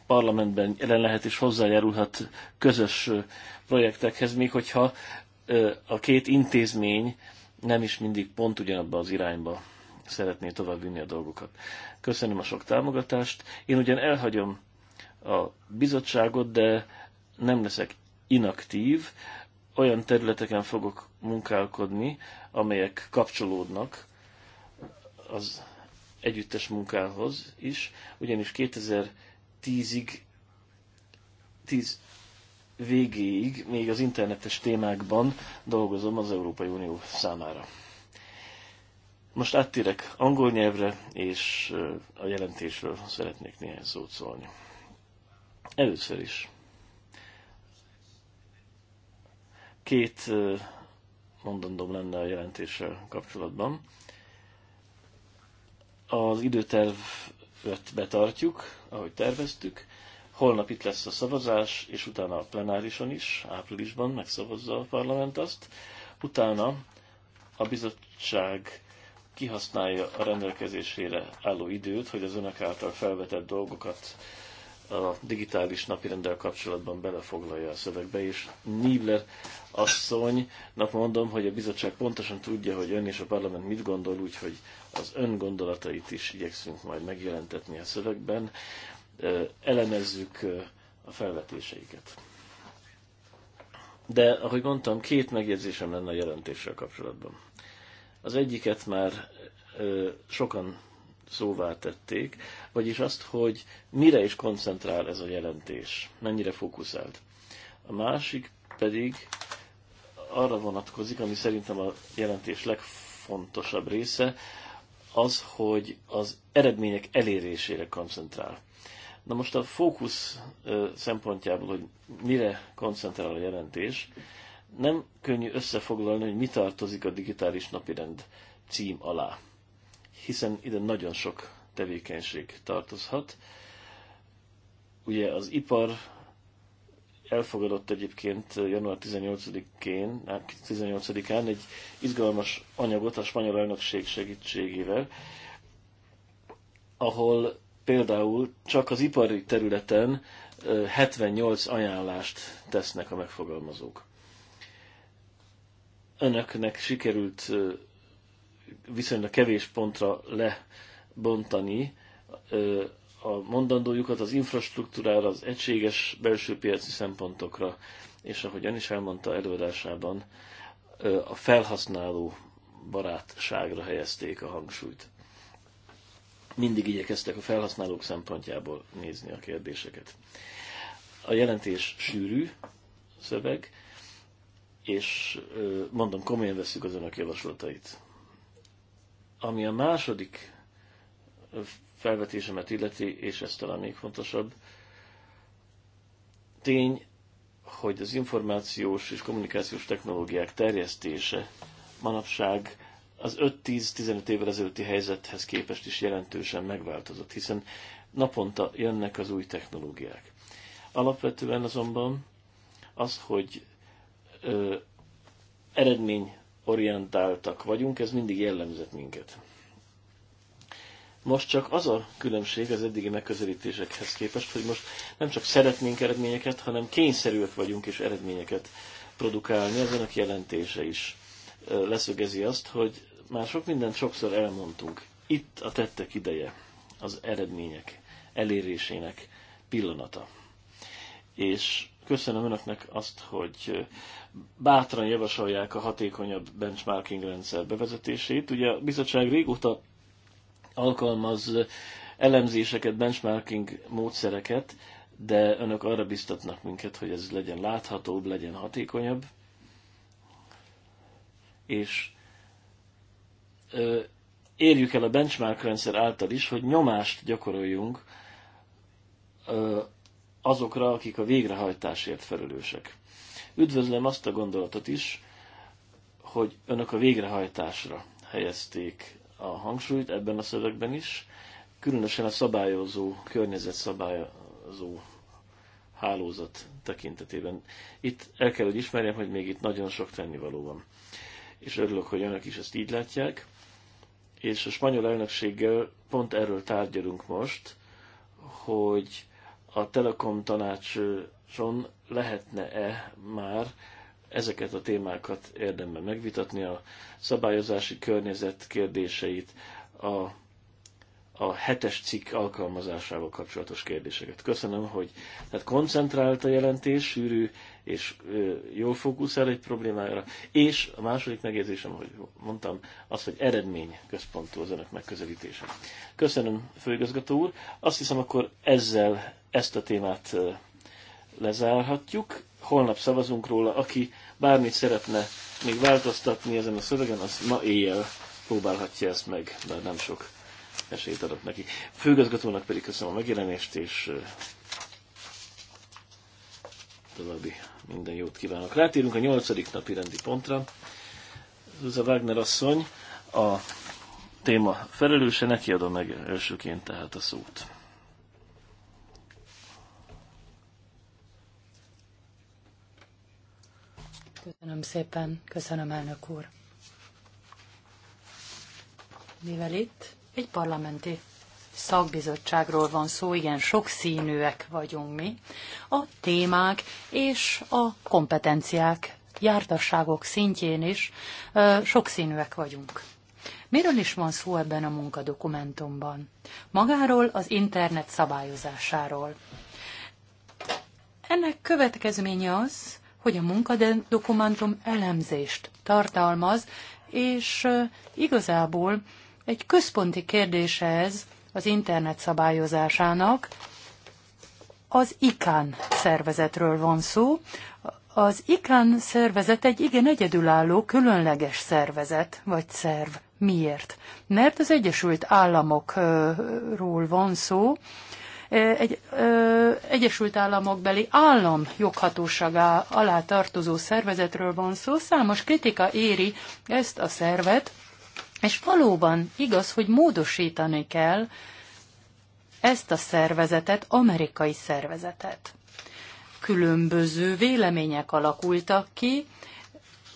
parlamentben jelen lehet és hozzájárulhat közös projektekhez, még hogyha a két intézmény nem is mindig pont ugyanabba az irányba szeretné tovább vinni a dolgokat. Köszönöm a sok támogatást. Én ugyan elhagyom a bizottságot, de nem leszek inaktív, olyan területeken fogok munkálkodni, amelyek kapcsolódnak az együttes munkához is, ugyanis 2010-ig, 10 végéig még az internetes témákban dolgozom az Európai Unió számára. Most áttérek angol nyelvre, és a jelentésről szeretnék néhány szót szólni. Először is. Két mondandóm lenne a jelentéssel kapcsolatban. Az időtervet betartjuk, ahogy terveztük. Holnap itt lesz a szavazás, és utána a plenárison is, áprilisban megszavazza a parlament azt. Utána a bizottság kihasználja a rendelkezésére álló időt, hogy az önök által felvetett dolgokat a digitális napirendel kapcsolatban belefoglalja a szövegbe, és Nibler nap mondom, hogy a bizottság pontosan tudja, hogy ön és a parlament mit gondol, úgyhogy az ön gondolatait is igyekszünk majd megjelentetni a szövegben. Elemezzük a felvetéseiket. De, ahogy mondtam, két megjegyzésem lenne a jelentéssel kapcsolatban. Az egyiket már sokan szóvá tették, vagyis azt, hogy mire is koncentrál ez a jelentés, mennyire fókuszált. A másik pedig arra vonatkozik, ami szerintem a jelentés legfontosabb része, az, hogy az eredmények elérésére koncentrál. Na most a fókusz szempontjából, hogy mire koncentrál a jelentés, nem könnyű összefoglalni, hogy mi tartozik a digitális napirend cím alá hiszen ide nagyon sok tevékenység tartozhat. Ugye az ipar elfogadott egyébként január 18-én, 18-án hát egy izgalmas anyagot a spanyol elnökség segítségével, ahol például csak az ipari területen 78 ajánlást tesznek a megfogalmazók. Önöknek sikerült viszonylag kevés pontra lebontani a mondandójukat az infrastruktúrára, az egységes belső piaci szempontokra, és ahogy ön is elmondta előadásában, a felhasználó barátságra helyezték a hangsúlyt. Mindig igyekeztek a felhasználók szempontjából nézni a kérdéseket. A jelentés sűrű szöveg, és mondom, komolyan veszük az önök javaslatait. Ami a második felvetésemet illeti, és ez talán még fontosabb, tény, hogy az információs és kommunikációs technológiák terjesztése manapság az 5-10-15 évvel ezelőtti helyzethez képest is jelentősen megváltozott, hiszen naponta jönnek az új technológiák. Alapvetően azonban az, hogy ö, eredmény orientáltak vagyunk, ez mindig jellemzett minket. Most csak az a különbség az eddigi megközelítésekhez képest, hogy most nem csak szeretnénk eredményeket, hanem kényszerűek vagyunk és eredményeket produkálni. Ez önök jelentése is leszögezi azt, hogy már sok mindent sokszor elmondtunk. Itt a tettek ideje, az eredmények elérésének pillanata. És köszönöm önöknek azt, hogy bátran javasolják a hatékonyabb benchmarking rendszer bevezetését. Ugye a bizottság régóta alkalmaz elemzéseket, benchmarking módszereket, de önök arra biztatnak minket, hogy ez legyen láthatóbb, legyen hatékonyabb. És ö, érjük el a benchmark rendszer által is, hogy nyomást gyakoroljunk ö, azokra, akik a végrehajtásért felelősek. Üdvözlöm azt a gondolatot is, hogy önök a végrehajtásra helyezték a hangsúlyt ebben a szövegben is, különösen a szabályozó, környezet szabályozó hálózat tekintetében. Itt el kell, hogy ismerjem, hogy még itt nagyon sok tennivaló van. És örülök, hogy önök is ezt így látják. És a spanyol elnökséggel pont erről tárgyalunk most, hogy a Telekom tanácson lehetne-e már ezeket a témákat érdemben megvitatni, a szabályozási környezet kérdéseit, a, a hetes cikk alkalmazásával kapcsolatos kérdéseket. Köszönöm, hogy tehát koncentrált a jelentés, sűrű és ö, jól fókuszál egy problémára, és a második megjegyzésem, hogy mondtam, az, hogy eredmény központú az önök megközelítése. Köszönöm, főigazgató úr. Azt hiszem, akkor ezzel ezt a témát lezárhatjuk. Holnap szavazunk róla, aki bármit szeretne még változtatni ezen a szövegen, az ma éjjel próbálhatja ezt meg, mert nem sok esélyt adok neki. Főgazgatónak pedig köszönöm a megjelenést, és további minden jót kívánok. Rátérünk a nyolcadik napi rendi pontra. Zuzza Wagner asszony a téma felelőse, neki adom meg elsőként tehát a szót. Köszönöm szépen, köszönöm elnök úr. Mivel itt egy parlamenti szakbizottságról van szó, igen, színűek vagyunk mi, a témák és a kompetenciák, jártasságok szintjén is ö, sokszínűek vagyunk. Miről is van szó ebben a munkadokumentumban? Magáról az internet szabályozásáról. Ennek következménye az, hogy a munkadokumentum elemzést tartalmaz, és igazából egy központi kérdése ez az internet szabályozásának. Az ICAN szervezetről van szó. Az ICAN szervezet egy igen egyedülálló, különleges szervezet vagy szerv. Miért? Mert az Egyesült Államokról van szó, egy ö, Egyesült Államok beli állam joghatóságá alá tartozó szervezetről van szó. Számos kritika éri ezt a szervet, és valóban igaz, hogy módosítani kell ezt a szervezetet, amerikai szervezetet. Különböző vélemények alakultak ki,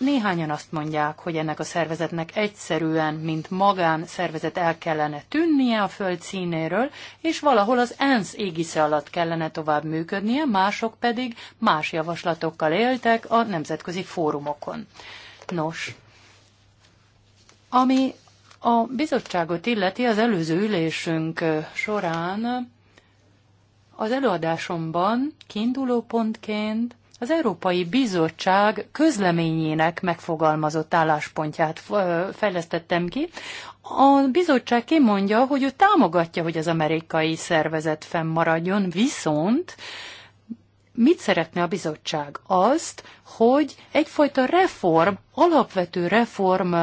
Néhányan azt mondják, hogy ennek a szervezetnek egyszerűen, mint magán szervezet el kellene tűnnie a föld színéről, és valahol az ENSZ égisze alatt kellene tovább működnie, mások pedig más javaslatokkal éltek a nemzetközi fórumokon. Nos, ami a bizottságot illeti az előző ülésünk során az előadásomban kiinduló pontként az Európai Bizottság közleményének megfogalmazott álláspontját fejlesztettem ki. A bizottság kimondja, hogy ő támogatja, hogy az amerikai szervezet fennmaradjon, viszont mit szeretne a bizottság? Azt, hogy egyfajta reform, alapvető reform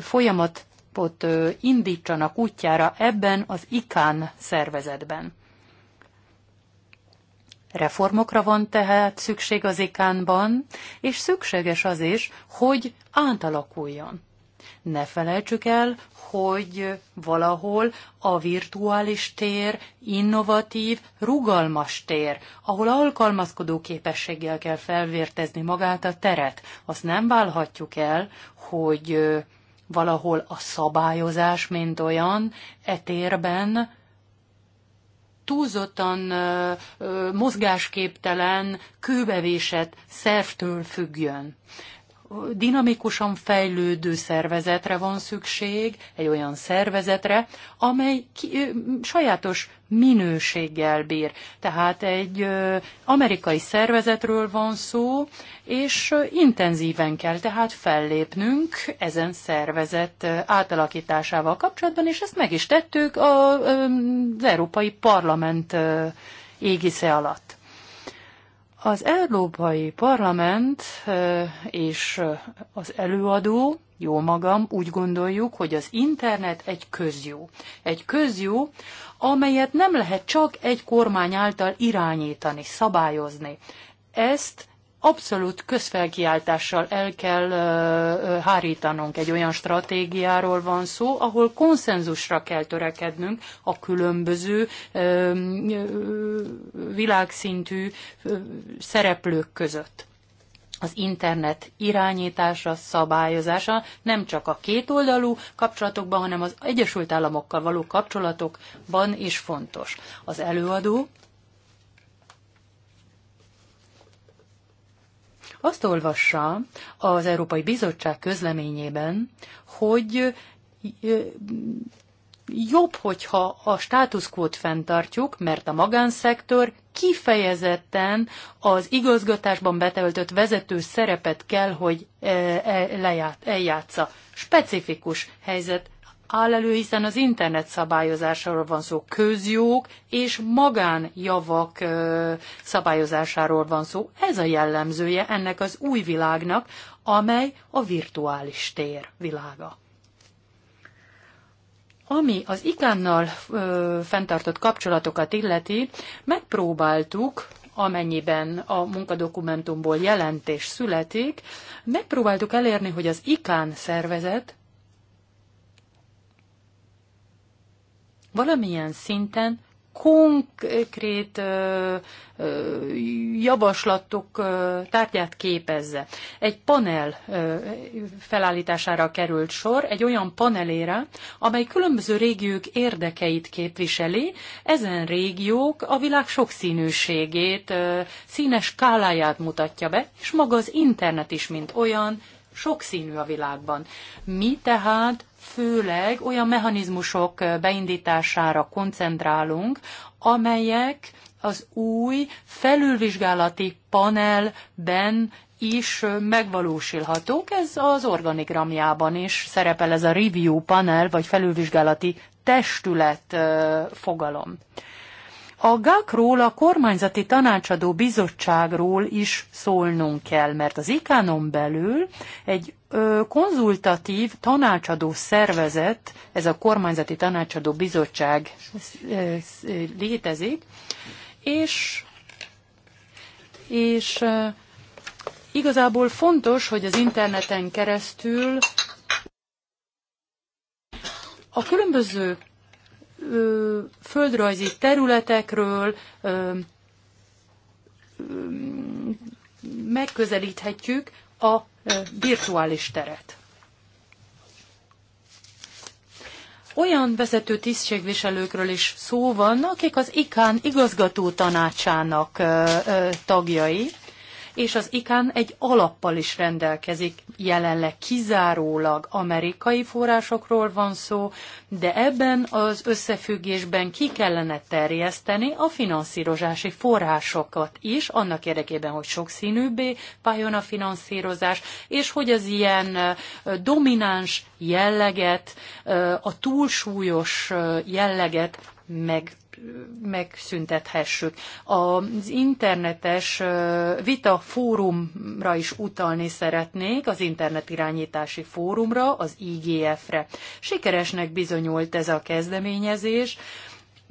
folyamat indítsanak útjára ebben az ICAN szervezetben. Reformokra van tehát szükség az ikánban, és szükséges az is, hogy átalakuljon. Ne felejtsük el, hogy valahol a virtuális tér innovatív, rugalmas tér, ahol alkalmazkodó képességgel kell felvértezni magát a teret. Azt nem válhatjuk el, hogy valahol a szabályozás, mint olyan, e térben túlzottan mozgásképtelen, kőbevésett szervtől függjön dinamikusan fejlődő szervezetre van szükség, egy olyan szervezetre, amely ki, ö, sajátos minőséggel bír. Tehát egy amerikai szervezetről van szó, és intenzíven kell tehát fellépnünk ezen szervezet átalakításával kapcsolatban, és ezt meg is tettük az Európai Parlament égisze alatt. Az Európai Parlament és az előadó jó magam, úgy gondoljuk, hogy az internet egy közjó. Egy közjó, amelyet nem lehet csak egy kormány által irányítani, szabályozni. Ezt abszolút közfelkiáltással el kell uh, hárítanunk. Egy olyan stratégiáról van szó, ahol konszenzusra kell törekednünk a különböző uh, világszintű uh, szereplők között az internet irányítása, szabályozása nem csak a kétoldalú kapcsolatokban, hanem az Egyesült Államokkal való kapcsolatokban is fontos. Az előadó azt olvassa az Európai Bizottság közleményében, hogy jobb, hogyha a státuszkót fenntartjuk, mert a magánszektor kifejezetten az igazgatásban betöltött vezető szerepet kell, hogy e, e, eljátsza. Specifikus helyzet áll elő, hiszen az internet szabályozásáról van szó, közjók és magánjavak e, szabályozásáról van szó. Ez a jellemzője ennek az új világnak, amely a virtuális tér világa. Ami az ikánnal fenntartott kapcsolatokat illeti, megpróbáltuk amennyiben a munkadokumentumból jelentés születik, megpróbáltuk elérni, hogy az ikán szervezet valamilyen szinten konkrét javaslatok tárgyát képezze. Egy panel felállítására került sor, egy olyan panelére, amely különböző régiók érdekeit képviseli, ezen régiók a világ sokszínűségét, színes skáláját mutatja be, és maga az internet is, mint olyan, sokszínű a világban. Mi tehát főleg olyan mechanizmusok beindítására koncentrálunk, amelyek az új felülvizsgálati panelben is megvalósulhatók. Ez az organigramjában is szerepel ez a review panel, vagy felülvizsgálati testület fogalom a GAK-ról, a Kormányzati Tanácsadó Bizottságról is szólnunk kell, mert az ICANon belül egy ö, konzultatív tanácsadó szervezet, ez a Kormányzati Tanácsadó Bizottság létezik, és, és ö, igazából fontos, hogy az interneten keresztül a különböző földrajzi területekről megközelíthetjük a virtuális teret. olyan vezető tisztségviselőkről is szó van, akik az IKÁN igazgató tanácsának tagjai, és az ICAN egy alappal is rendelkezik. Jelenleg kizárólag amerikai forrásokról van szó, de ebben az összefüggésben ki kellene terjeszteni a finanszírozási forrásokat is, annak érdekében, hogy sokszínűbbé váljon a finanszírozás, és hogy az ilyen domináns jelleget, a túlsúlyos jelleget meg megszüntethessük. Az internetes vita fórumra is utalni szeretnék, az internet irányítási fórumra, az IGF-re. Sikeresnek bizonyult ez a kezdeményezés,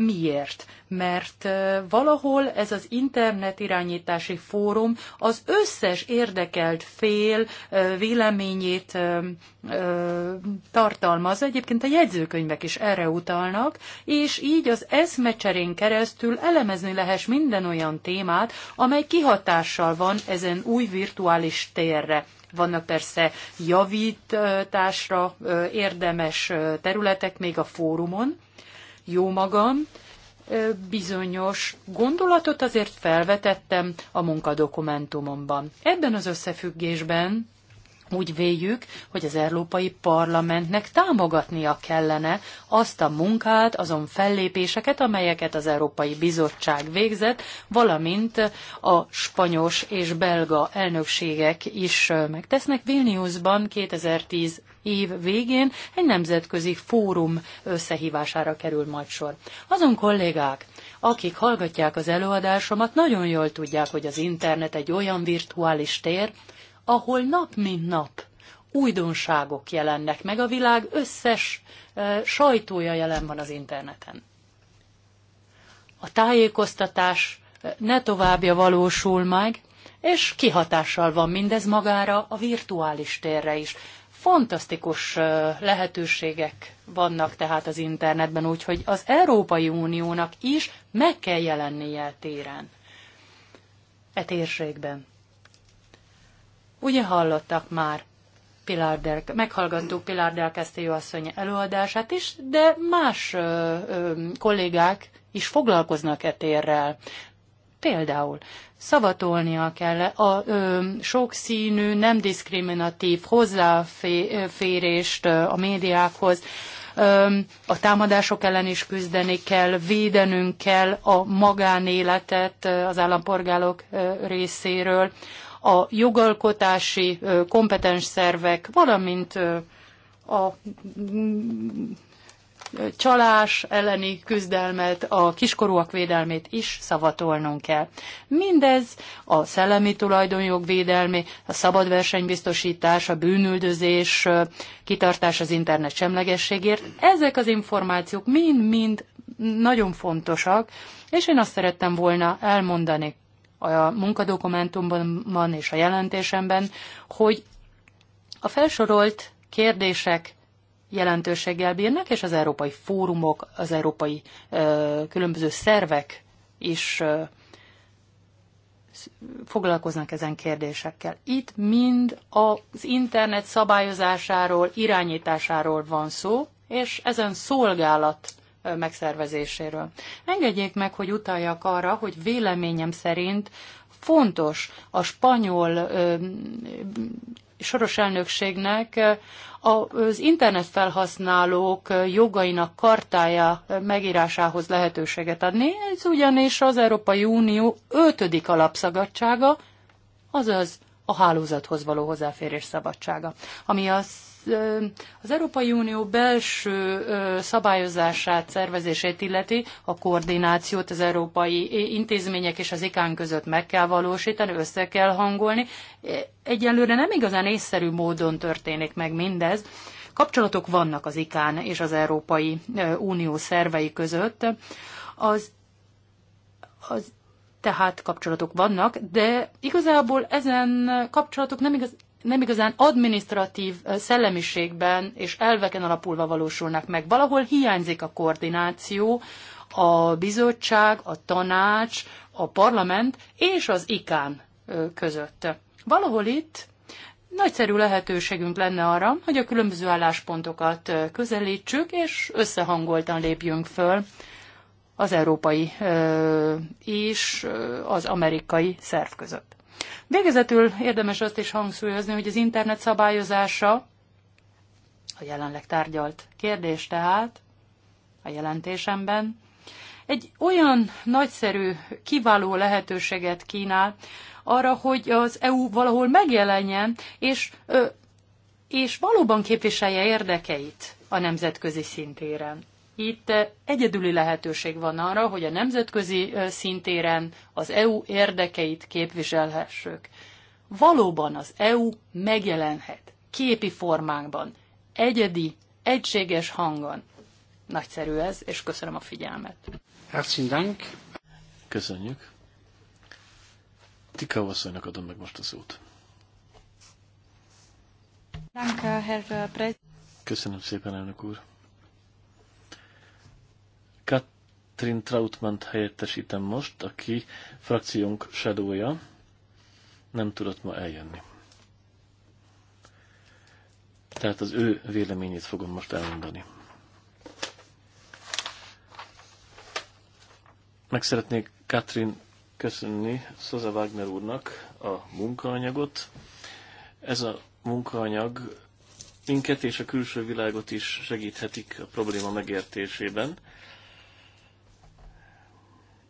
Miért? Mert valahol ez az internet irányítási fórum az összes érdekelt fél véleményét tartalmaz. Egyébként a jegyzőkönyvek is erre utalnak, és így az eszmecserén keresztül elemezni lehes minden olyan témát, amely kihatással van ezen új virtuális térre. Vannak persze javításra érdemes területek még a fórumon, jó magam, bizonyos gondolatot azért felvetettem a munkadokumentumomban. Ebben az összefüggésben úgy véljük, hogy az Európai Parlamentnek támogatnia kellene azt a munkát, azon fellépéseket, amelyeket az Európai Bizottság végzett, valamint a spanyos és belga elnökségek is megtesznek. Vilniusban 2010 év végén egy nemzetközi fórum összehívására kerül majd sor. Azon kollégák, akik hallgatják az előadásomat, nagyon jól tudják, hogy az internet egy olyan virtuális tér, ahol nap mint nap újdonságok jelennek meg, a világ összes e, sajtója jelen van az interneten. A tájékoztatás ne továbbja valósul meg, és kihatással van mindez magára a virtuális térre is. Fantasztikus lehetőségek vannak tehát az internetben, úgyhogy az Európai Uniónak is meg kell jelennie e téren, e térségben. Ugye hallottak már Pilar del, meghallgattuk Pilar del Castillo asszony előadását is, de más ö, ö, kollégák is foglalkoznak e térrel. Például szavatolnia kell a ö, sokszínű, nem diszkriminatív hozzáférést a médiákhoz, a támadások ellen is küzdeni kell, védenünk kell a magánéletet az állampolgárok részéről, a jogalkotási kompetens szervek, valamint a csalás elleni küzdelmet, a kiskorúak védelmét is szavatolnunk kell. Mindez a szellemi tulajdonjog védelmi, a szabad versenybiztosítás, a bűnüldözés, kitartás az internet semlegességért, ezek az információk mind-mind nagyon fontosak, és én azt szerettem volna elmondani a munkadokumentumban és a jelentésemben, hogy a felsorolt kérdések jelentőséggel bírnak, és az európai fórumok, az európai ö, különböző szervek is ö, foglalkoznak ezen kérdésekkel. Itt mind az internet szabályozásáról, irányításáról van szó, és ezen szolgálat megszervezéséről. Engedjék meg, hogy utaljak arra, hogy véleményem szerint fontos a spanyol ö, soros elnökségnek az internet felhasználók jogainak kartája megírásához lehetőséget adni. Ez ugyanis az Európai Unió ötödik alapszabadsága, azaz a hálózathoz való hozzáférés szabadsága, ami az az Európai Unió belső szabályozását, szervezését illeti, a koordinációt az európai intézmények és az ikán között meg kell valósítani, össze kell hangolni. E, egyelőre nem igazán észszerű módon történik meg mindez. Kapcsolatok vannak az ikán és az Európai Unió szervei között. Az, az tehát kapcsolatok vannak, de igazából ezen kapcsolatok nem igaz, nem igazán administratív szellemiségben és elveken alapulva valósulnak meg. Valahol hiányzik a koordináció, a bizottság, a tanács, a parlament és az ikán között. Valahol itt nagyszerű lehetőségünk lenne arra, hogy a különböző álláspontokat közelítsük, és összehangoltan lépjünk föl az európai és az amerikai szerv között. Végezetül érdemes azt is hangsúlyozni, hogy az internet szabályozása, a jelenleg tárgyalt kérdés tehát a jelentésemben, egy olyan nagyszerű, kiváló lehetőséget kínál arra, hogy az EU valahol megjelenjen, és, és valóban képviselje érdekeit a nemzetközi szintéren itt eh, egyedüli lehetőség van arra, hogy a nemzetközi eh, szintéren az EU érdekeit képviselhessük. Valóban az EU megjelenhet képi formákban, egyedi, egységes hangon. Nagyszerű ez, és köszönöm a figyelmet. Herzlichen Dank. Köszönjük. Tika Vasszonynak adom meg most a szót. Köszönöm szépen, elnök úr. Katrin Trautmant helyettesítem most, aki frakciónk shadowja, nem tudott ma eljönni. Tehát az ő véleményét fogom most elmondani. Meg szeretnék Katrin köszönni Szoza Wagner úrnak a munkaanyagot. Ez a munkaanyag minket és a külső világot is segíthetik a probléma megértésében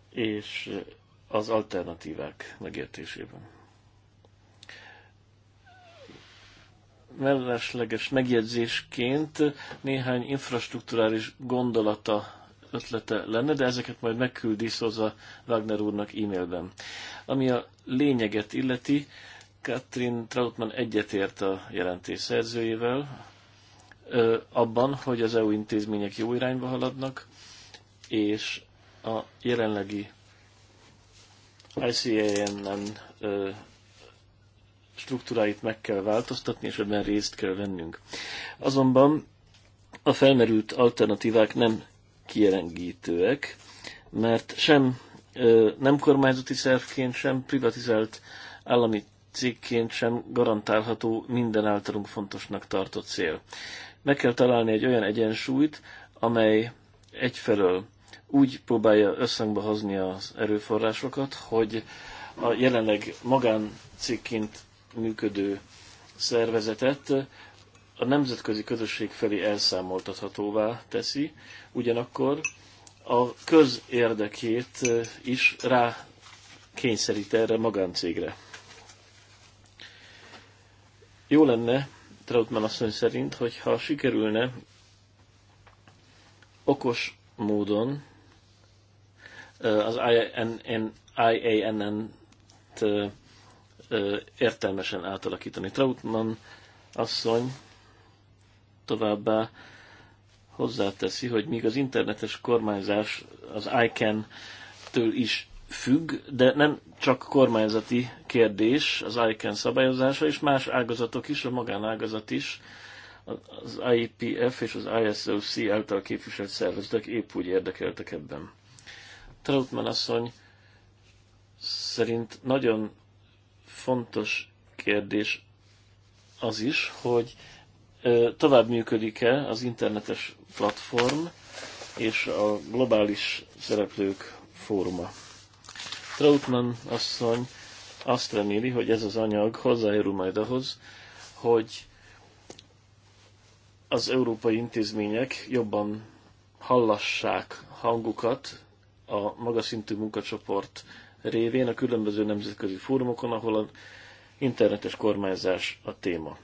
és az alternatívák megértésében. Mellesleges megjegyzésként néhány infrastruktúrális gondolata ötlete lenne, de ezeket majd megküldi Szóza Wagner úrnak e-mailben. Ami a lényeget illeti, Katrin Trautmann egyetért a jelentés szerzőjével abban, hogy az EU intézmények jó irányba haladnak, és a jelenlegi ICAN-en struktúráit meg kell változtatni, és ebben részt kell vennünk. Azonban a felmerült alternatívák nem kielengítőek, mert sem nem kormányzati szervként, sem privatizált állami cégként sem garantálható minden általunk fontosnak tartott cél. Meg kell találni egy olyan egyensúlyt, amely egyfelől úgy próbálja összhangba hozni az erőforrásokat, hogy a jelenleg magáncikként működő szervezetet a nemzetközi közösség felé elszámoltathatóvá teszi, ugyanakkor a közérdekét is rá kényszerít erre magáncégre. Jó lenne, Trautmann asszony szerint, hogyha sikerülne okos módon az IANN-t értelmesen átalakítani. Trautmann asszony továbbá hozzáteszi, hogy míg az internetes kormányzás az ICANN-től is függ, de nem csak kormányzati kérdés az ICANN szabályozása, és más ágazatok is, a magánágazat is, az IEPF és az ISOC által képviselt szervezetek épp úgy érdekeltek ebben. Trautmann asszony szerint nagyon fontos kérdés az is, hogy tovább működik-e az internetes platform és a globális szereplők fóruma. Trautmann asszony azt reméli, hogy ez az anyag hozzájárul majd ahhoz, hogy az európai intézmények jobban hallassák hangukat a magas szintű munkacsoport révén a különböző nemzetközi fórumokon, ahol a internetes kormányzás a téma.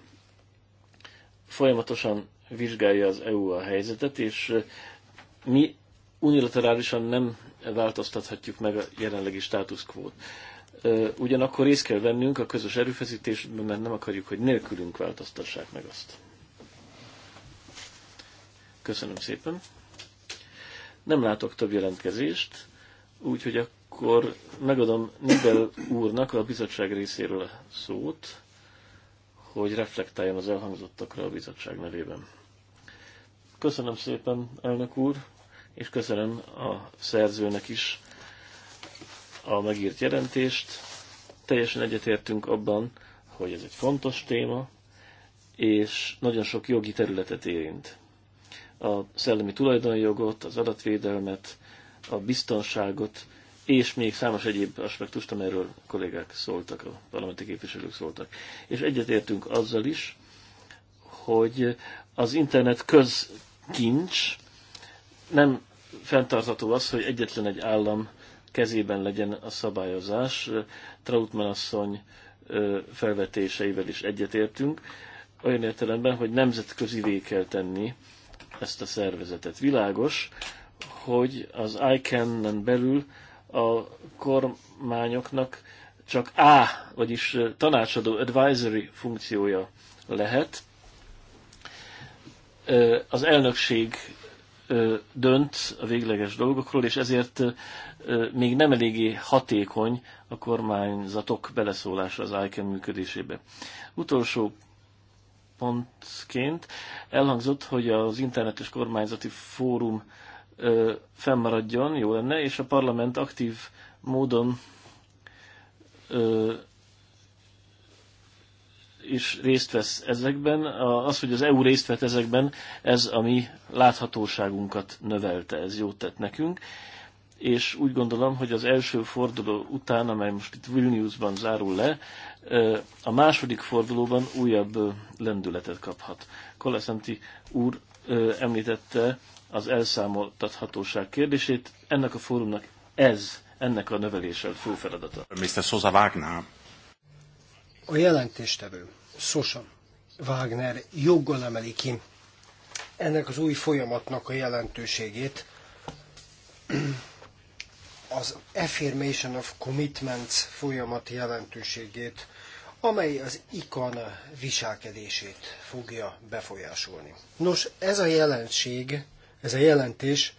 Folyamatosan vizsgálja az EU a helyzetet, és mi unilaterálisan nem változtathatjuk meg a jelenlegi státuszkvót. Ugyanakkor részt kell vennünk a közös erőfeszítésben, mert nem akarjuk, hogy nélkülünk változtassák meg azt. Köszönöm szépen! Nem látok több jelentkezést, úgyhogy akkor megadom Nibel úrnak a bizottság részéről a szót, hogy reflektáljon az elhangzottakra a bizottság nevében. Köszönöm szépen, elnök úr, és köszönöm a szerzőnek is a megírt jelentést. Teljesen egyetértünk abban, hogy ez egy fontos téma, és nagyon sok jogi területet érint a szellemi tulajdonjogot, az adatvédelmet, a biztonságot, és még számos egyéb aspektust, amelyről a kollégák szóltak, a parlamenti képviselők szóltak. És egyetértünk azzal is, hogy az internet közkincs nem fenntartható az, hogy egyetlen egy állam kezében legyen a szabályozás. Trautmann asszony felvetéseivel is egyetértünk, olyan értelemben, hogy nemzetközivé kell tenni ezt a szervezetet. Világos, hogy az ICANN-en belül a kormányoknak csak A, vagyis tanácsadó advisory funkciója lehet. Az elnökség dönt a végleges dolgokról, és ezért még nem eléggé hatékony a kormányzatok beleszólása az ICANN működésébe. Utolsó pontként elhangzott, hogy az internetes kormányzati fórum ö, fennmaradjon, jó lenne, és a parlament aktív módon ö, is részt vesz ezekben. Az, hogy az EU részt vett ezekben, ez a mi láthatóságunkat növelte, ez jót tett nekünk és úgy gondolom, hogy az első forduló után, amely most itt Vilniusban zárul le, a második fordulóban újabb lendületet kaphat. Koleszenti úr említette az elszámoltathatóság kérdését. Ennek a fórumnak ez, ennek a növelése a fő feladata. Mr. Sosa Wagner. A jelentéstevő, Sosa Wagner joggal emeli ki ennek az új folyamatnak a jelentőségét az Affirmation of Commitments folyamat jelentőségét, amely az ikon viselkedését fogja befolyásolni. Nos, ez a jelenség, ez a jelentés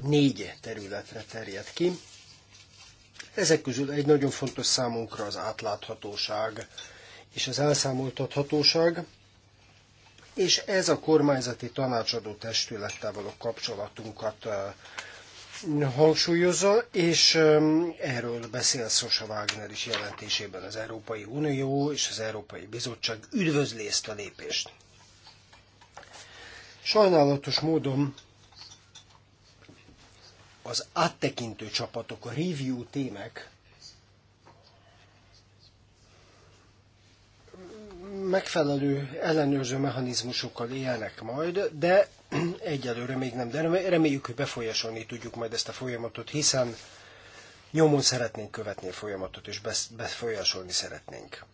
négy területre terjed ki. Ezek közül egy nagyon fontos számunkra az átláthatóság és az elszámoltathatóság, és ez a kormányzati tanácsadó testülettel való kapcsolatunkat hangsúlyozza, és erről beszél Szosa Wagner is jelentésében az Európai Unió és az Európai Bizottság üdvözli ezt a lépést. Sajnálatos módon az áttekintő csapatok, a review témek megfelelő ellenőrző mechanizmusokkal élnek majd, de egyelőre még nem, de reméljük, hogy befolyásolni tudjuk majd ezt a folyamatot, hiszen nyomon szeretnénk követni a folyamatot, és befolyásolni szeretnénk.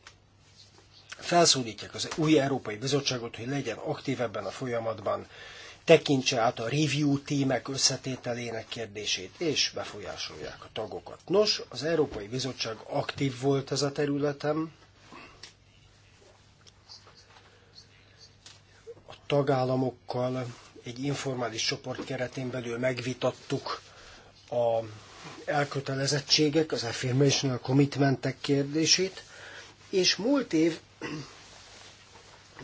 Felszólítják az új Európai Bizottságot, hogy legyen aktív ebben a folyamatban, tekintse át a review tímek összetételének kérdését, és befolyásolják a tagokat. Nos, az Európai Bizottság aktív volt ez a területen, tagállamokkal egy informális csoport keretén belül megvitattuk a elkötelezettségek, az a commitmentek kérdését, és múlt év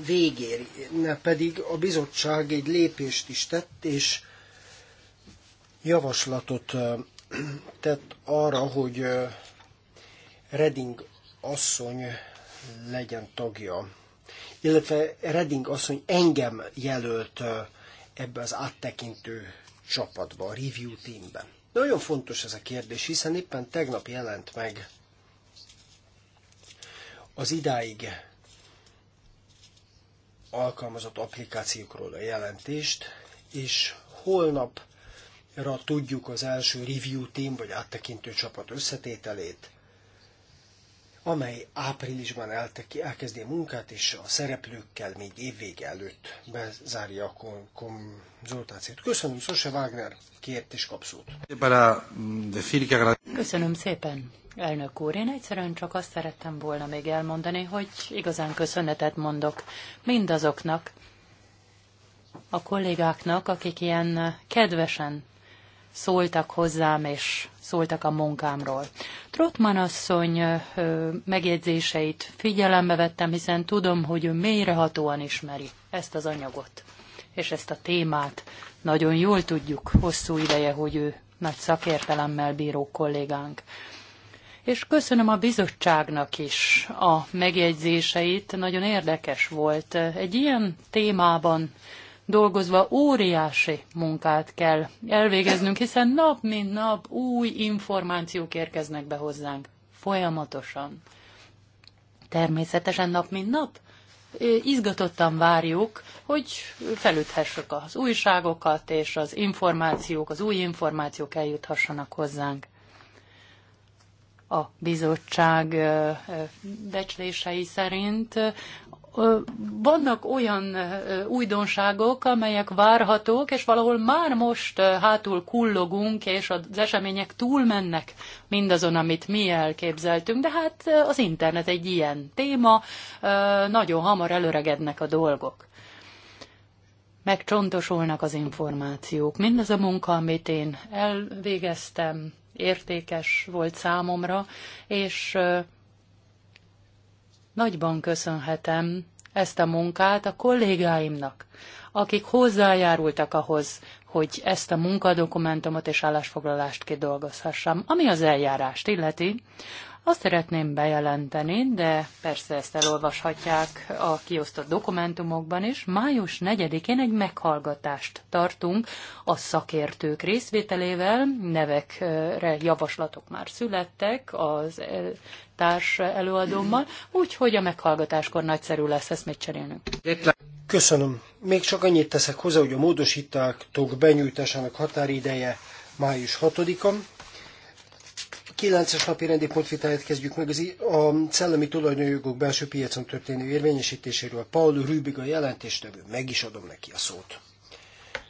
végére pedig a bizottság egy lépést is tett, és javaslatot tett arra, hogy Reding asszony legyen tagja illetve Redding asszony engem jelölt ebbe az áttekintő csapatba, a review teambe. Nagyon fontos ez a kérdés, hiszen éppen tegnap jelent meg az idáig alkalmazott applikációkról a jelentést, és holnapra tudjuk az első review team vagy áttekintő csapat összetételét, amely áprilisban elteki, elkezdi a munkát, és a szereplőkkel még évvége előtt bezárja a konzultációt. Köszönöm, Szose Wagner kért és kapszót. Mm, Köszönöm szépen, elnök úr. Én egyszerűen csak azt szerettem volna még elmondani, hogy igazán köszönetet mondok mindazoknak, a kollégáknak, akik ilyen kedvesen szóltak hozzám, és szóltak a munkámról. Trotman asszony megjegyzéseit figyelembe vettem, hiszen tudom, hogy ő mélyrehatóan ismeri ezt az anyagot, és ezt a témát. Nagyon jól tudjuk hosszú ideje, hogy ő nagy szakértelemmel bíró kollégánk. És köszönöm a bizottságnak is a megjegyzéseit, nagyon érdekes volt. Egy ilyen témában dolgozva óriási munkát kell elvégeznünk, hiszen nap mint nap új információk érkeznek be hozzánk. Folyamatosan. Természetesen nap mint nap izgatottan várjuk, hogy felüthessük az újságokat, és az információk, az új információk eljuthassanak hozzánk. A bizottság becslései szerint vannak olyan újdonságok, amelyek várhatók, és valahol már most hátul kullogunk, és az események túlmennek mindazon, amit mi elképzeltünk, de hát az internet egy ilyen téma, nagyon hamar előregednek a dolgok megcsontosulnak az információk. Mindaz a munka, amit én elvégeztem, értékes volt számomra, és Nagyban köszönhetem ezt a munkát a kollégáimnak, akik hozzájárultak ahhoz, hogy ezt a munkadokumentumot és állásfoglalást kidolgozhassam. Ami az eljárást illeti, azt szeretném bejelenteni, de persze ezt elolvashatják a kiosztott dokumentumokban is. Május 4-én egy meghallgatást tartunk a szakértők részvételével. Nevekre javaslatok már születtek az e, társ előadómmal, úgyhogy a meghallgatáskor nagyszerű lesz ezt még cserélnünk. Köszönöm. Még csak annyit teszek hozzá, hogy a módosítók benyújtásának határideje május 6-a, 9-es napi rendi pont vitáját kezdjük meg az, a szellemi tulajdonjogok belső piacon történő érvényesítéséről. Paul Rübig a jelentéstevő, meg is adom neki a szót.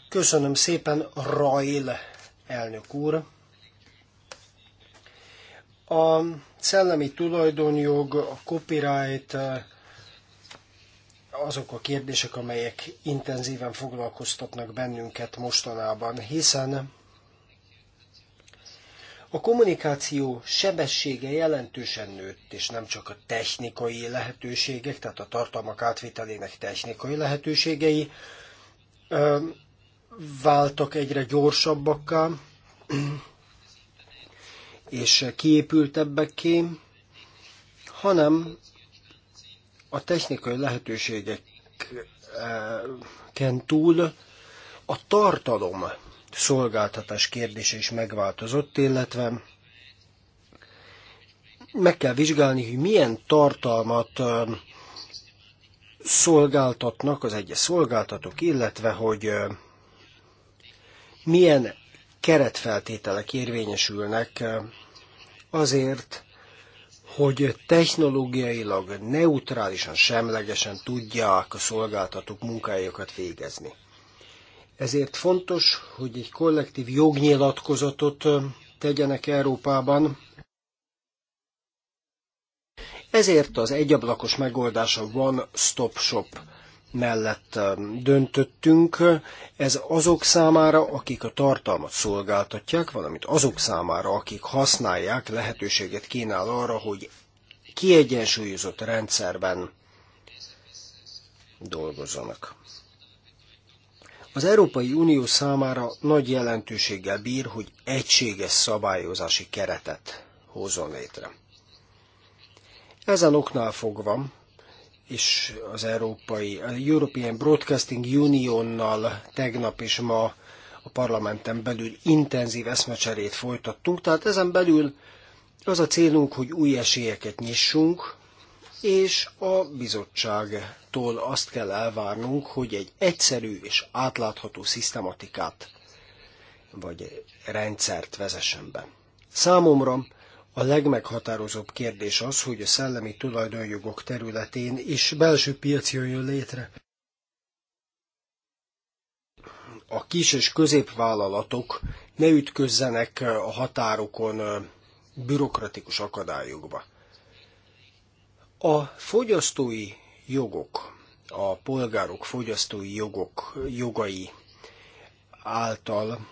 Köszönöm szépen, Rail elnök úr. A szellemi tulajdonjog, a copyright, azok a kérdések, amelyek intenzíven foglalkoztatnak bennünket mostanában, hiszen a kommunikáció sebessége jelentősen nőtt, és nem csak a technikai lehetőségek, tehát a tartalmak átvitelének technikai lehetőségei váltak egyre gyorsabbakká, és kiépültebbekké, hanem a technikai lehetőségeken túl a tartalom szolgáltatás kérdése is megváltozott, illetve meg kell vizsgálni, hogy milyen tartalmat szolgáltatnak az egyes szolgáltatók, illetve hogy milyen keretfeltételek érvényesülnek azért, hogy technológiailag neutrálisan, semlegesen tudják a szolgáltatók munkájukat végezni. Ezért fontos, hogy egy kollektív jognyilatkozatot tegyenek Európában. Ezért az egyablakos megoldás a One Stop Shop mellett döntöttünk. Ez azok számára, akik a tartalmat szolgáltatják, valamint azok számára, akik használják, lehetőséget kínál arra, hogy kiegyensúlyozott rendszerben dolgozzanak. Az Európai Unió számára nagy jelentőséggel bír, hogy egységes szabályozási keretet hozzon létre. Ezen oknál fogva, és az Európai az European Broadcasting Unionnal tegnap és ma a parlamenten belül intenzív eszmecserét folytattunk, tehát ezen belül az a célunk, hogy új esélyeket nyissunk, és a bizottságtól azt kell elvárnunk, hogy egy egyszerű és átlátható szisztematikát vagy rendszert vezessen be. Számomra a legmeghatározóbb kérdés az, hogy a szellemi tulajdonjogok területén is belső piac jön létre. A kis és középvállalatok ne ütközzenek a határokon bürokratikus akadályokba. A fogyasztói jogok, a polgárok fogyasztói jogok, jogai által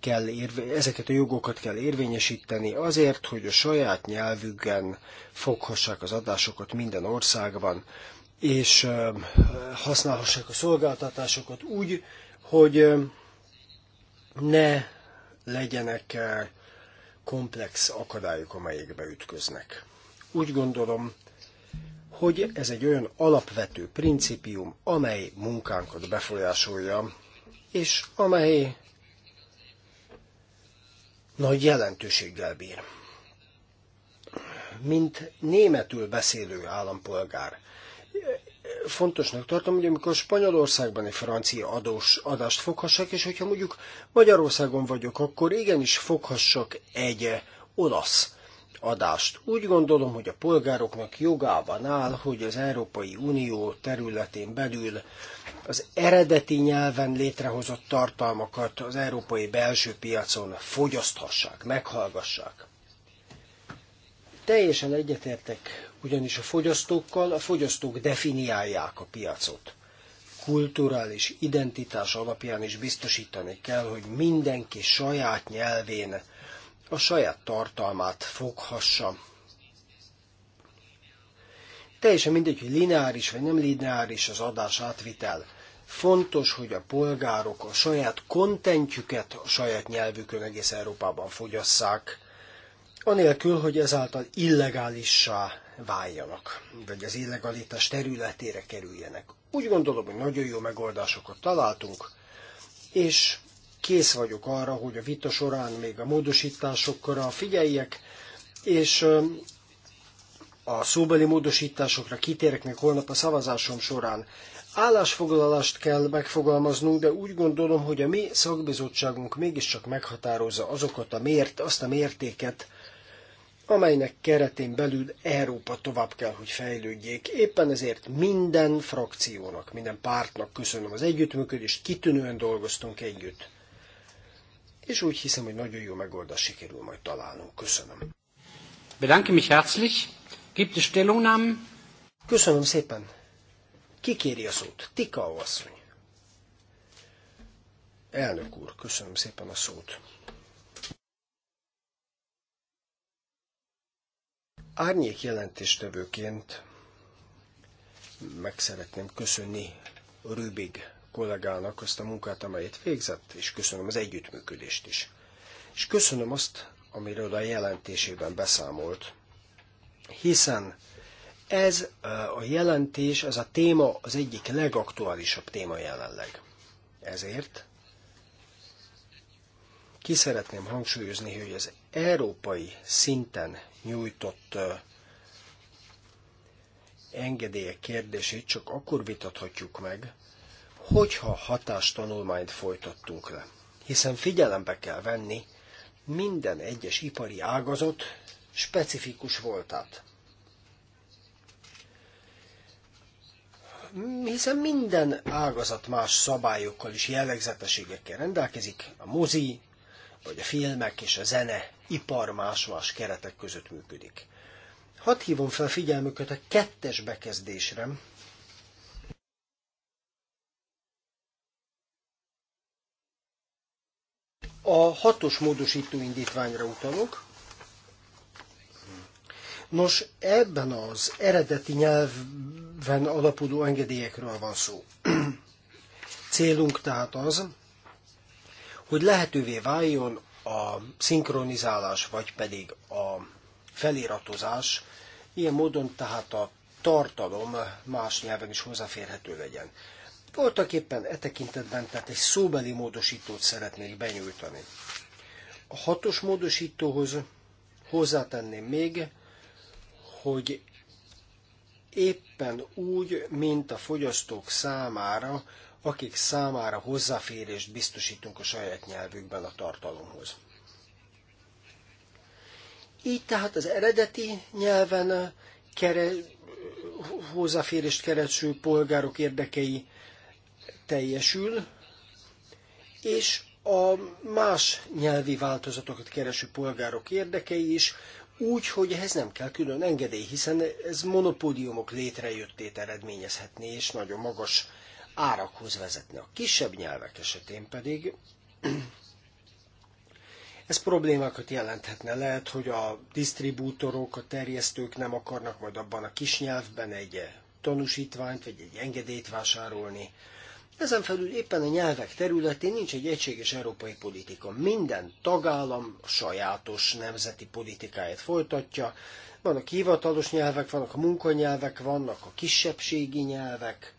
kell érve, ezeket a jogokat kell érvényesíteni azért, hogy a saját nyelvükön foghassák az adásokat minden országban, és használhassák a szolgáltatásokat úgy, hogy ne legyenek komplex akadályok, amelyekbe ütköznek. Úgy gondolom, hogy ez egy olyan alapvető principium, amely munkánkat befolyásolja, és amely nagy jelentőséggel bír. Mint németül beszélő állampolgár, fontosnak tartom, hogy amikor Spanyolországban egy francia adós, adást foghassak, és hogyha mondjuk Magyarországon vagyok, akkor igenis foghassak egy olasz adást. Úgy gondolom, hogy a polgároknak jogában áll, hogy az Európai Unió területén belül az eredeti nyelven létrehozott tartalmakat az európai belső piacon fogyaszthassák, meghallgassák. Teljesen egyetértek ugyanis a fogyasztókkal, a fogyasztók definiálják a piacot. Kulturális identitás alapján is biztosítani kell, hogy mindenki saját nyelvén a saját tartalmát foghassa. Teljesen mindegy, hogy lineáris vagy nem lineáris az adás átvitel. Fontos, hogy a polgárok a saját kontentjüket a saját nyelvükön egész Európában fogyasszák, anélkül, hogy ezáltal illegálissá váljanak, vagy az illegalitás területére kerüljenek. Úgy gondolom, hogy nagyon jó megoldásokat találtunk, és kész vagyok arra, hogy a vita során még a módosításokra figyeljek, és a szóbeli módosításokra kitérek még holnap a szavazásom során. Állásfoglalást kell megfogalmaznunk, de úgy gondolom, hogy a mi szakbizottságunk mégiscsak meghatározza azokat a mért, azt a mértéket, amelynek keretén belül Európa tovább kell, hogy fejlődjék. Éppen ezért minden frakciónak, minden pártnak köszönöm az együttműködést, kitűnően dolgoztunk együtt és úgy hiszem, hogy nagyon jó megoldás sikerül majd találnunk. Köszönöm. Bedanke mich herzlich. Gibt es Stellungnahmen? Köszönöm szépen. Ki kéri a szót? Tika asszony. Elnök úr, köszönöm szépen a szót. Árnyék jelentéstevőként meg szeretném köszönni Rübig kollégának azt a munkát, amelyet végzett, és köszönöm az együttműködést is. És köszönöm azt, amiről a jelentésében beszámolt, hiszen ez a jelentés, ez a téma az egyik legaktuálisabb téma jelenleg. Ezért ki szeretném hangsúlyozni, hogy az európai szinten nyújtott engedélyek kérdését csak akkor vitathatjuk meg, hogyha hatástanulmányt folytattunk le. Hiszen figyelembe kell venni minden egyes ipari ágazat specifikus voltát. hiszen minden ágazat más szabályokkal és jellegzetességekkel rendelkezik, a mozi, vagy a filmek és a zene ipar más-más keretek között működik. Hadd hívom fel figyelmüket a kettes bekezdésre, A hatos módosító indítványra utalok. Nos, ebben az eredeti nyelven alapuló engedélyekről van szó. Célunk tehát az, hogy lehetővé váljon a szinkronizálás, vagy pedig a feliratozás, ilyen módon tehát a tartalom más nyelven is hozzáférhető legyen. Voltak éppen e tekintetben, tehát egy szóbeli módosítót szeretnék benyújtani. A hatos módosítóhoz hozzátenném még, hogy éppen úgy, mint a fogyasztók számára, akik számára hozzáférést biztosítunk a saját nyelvükben a tartalomhoz. Így tehát az eredeti nyelven kere, hozzáférést kereső polgárok érdekei teljesül, és a más nyelvi változatokat kereső polgárok érdekei is, úgy, hogy ehhez nem kell külön engedély, hiszen ez monopódiumok létrejöttét eredményezhetné, és nagyon magas árakhoz vezetne. A kisebb nyelvek esetén pedig ez problémákat jelenthetne. Lehet, hogy a disztribútorok, a terjesztők nem akarnak majd abban a kis nyelvben egy tanúsítványt vagy egy engedélyt vásárolni, ezen felül éppen a nyelvek területén nincs egy egységes európai politika. Minden tagállam sajátos nemzeti politikáját folytatja. Vannak hivatalos nyelvek, vannak a munkanyelvek, vannak a kisebbségi nyelvek.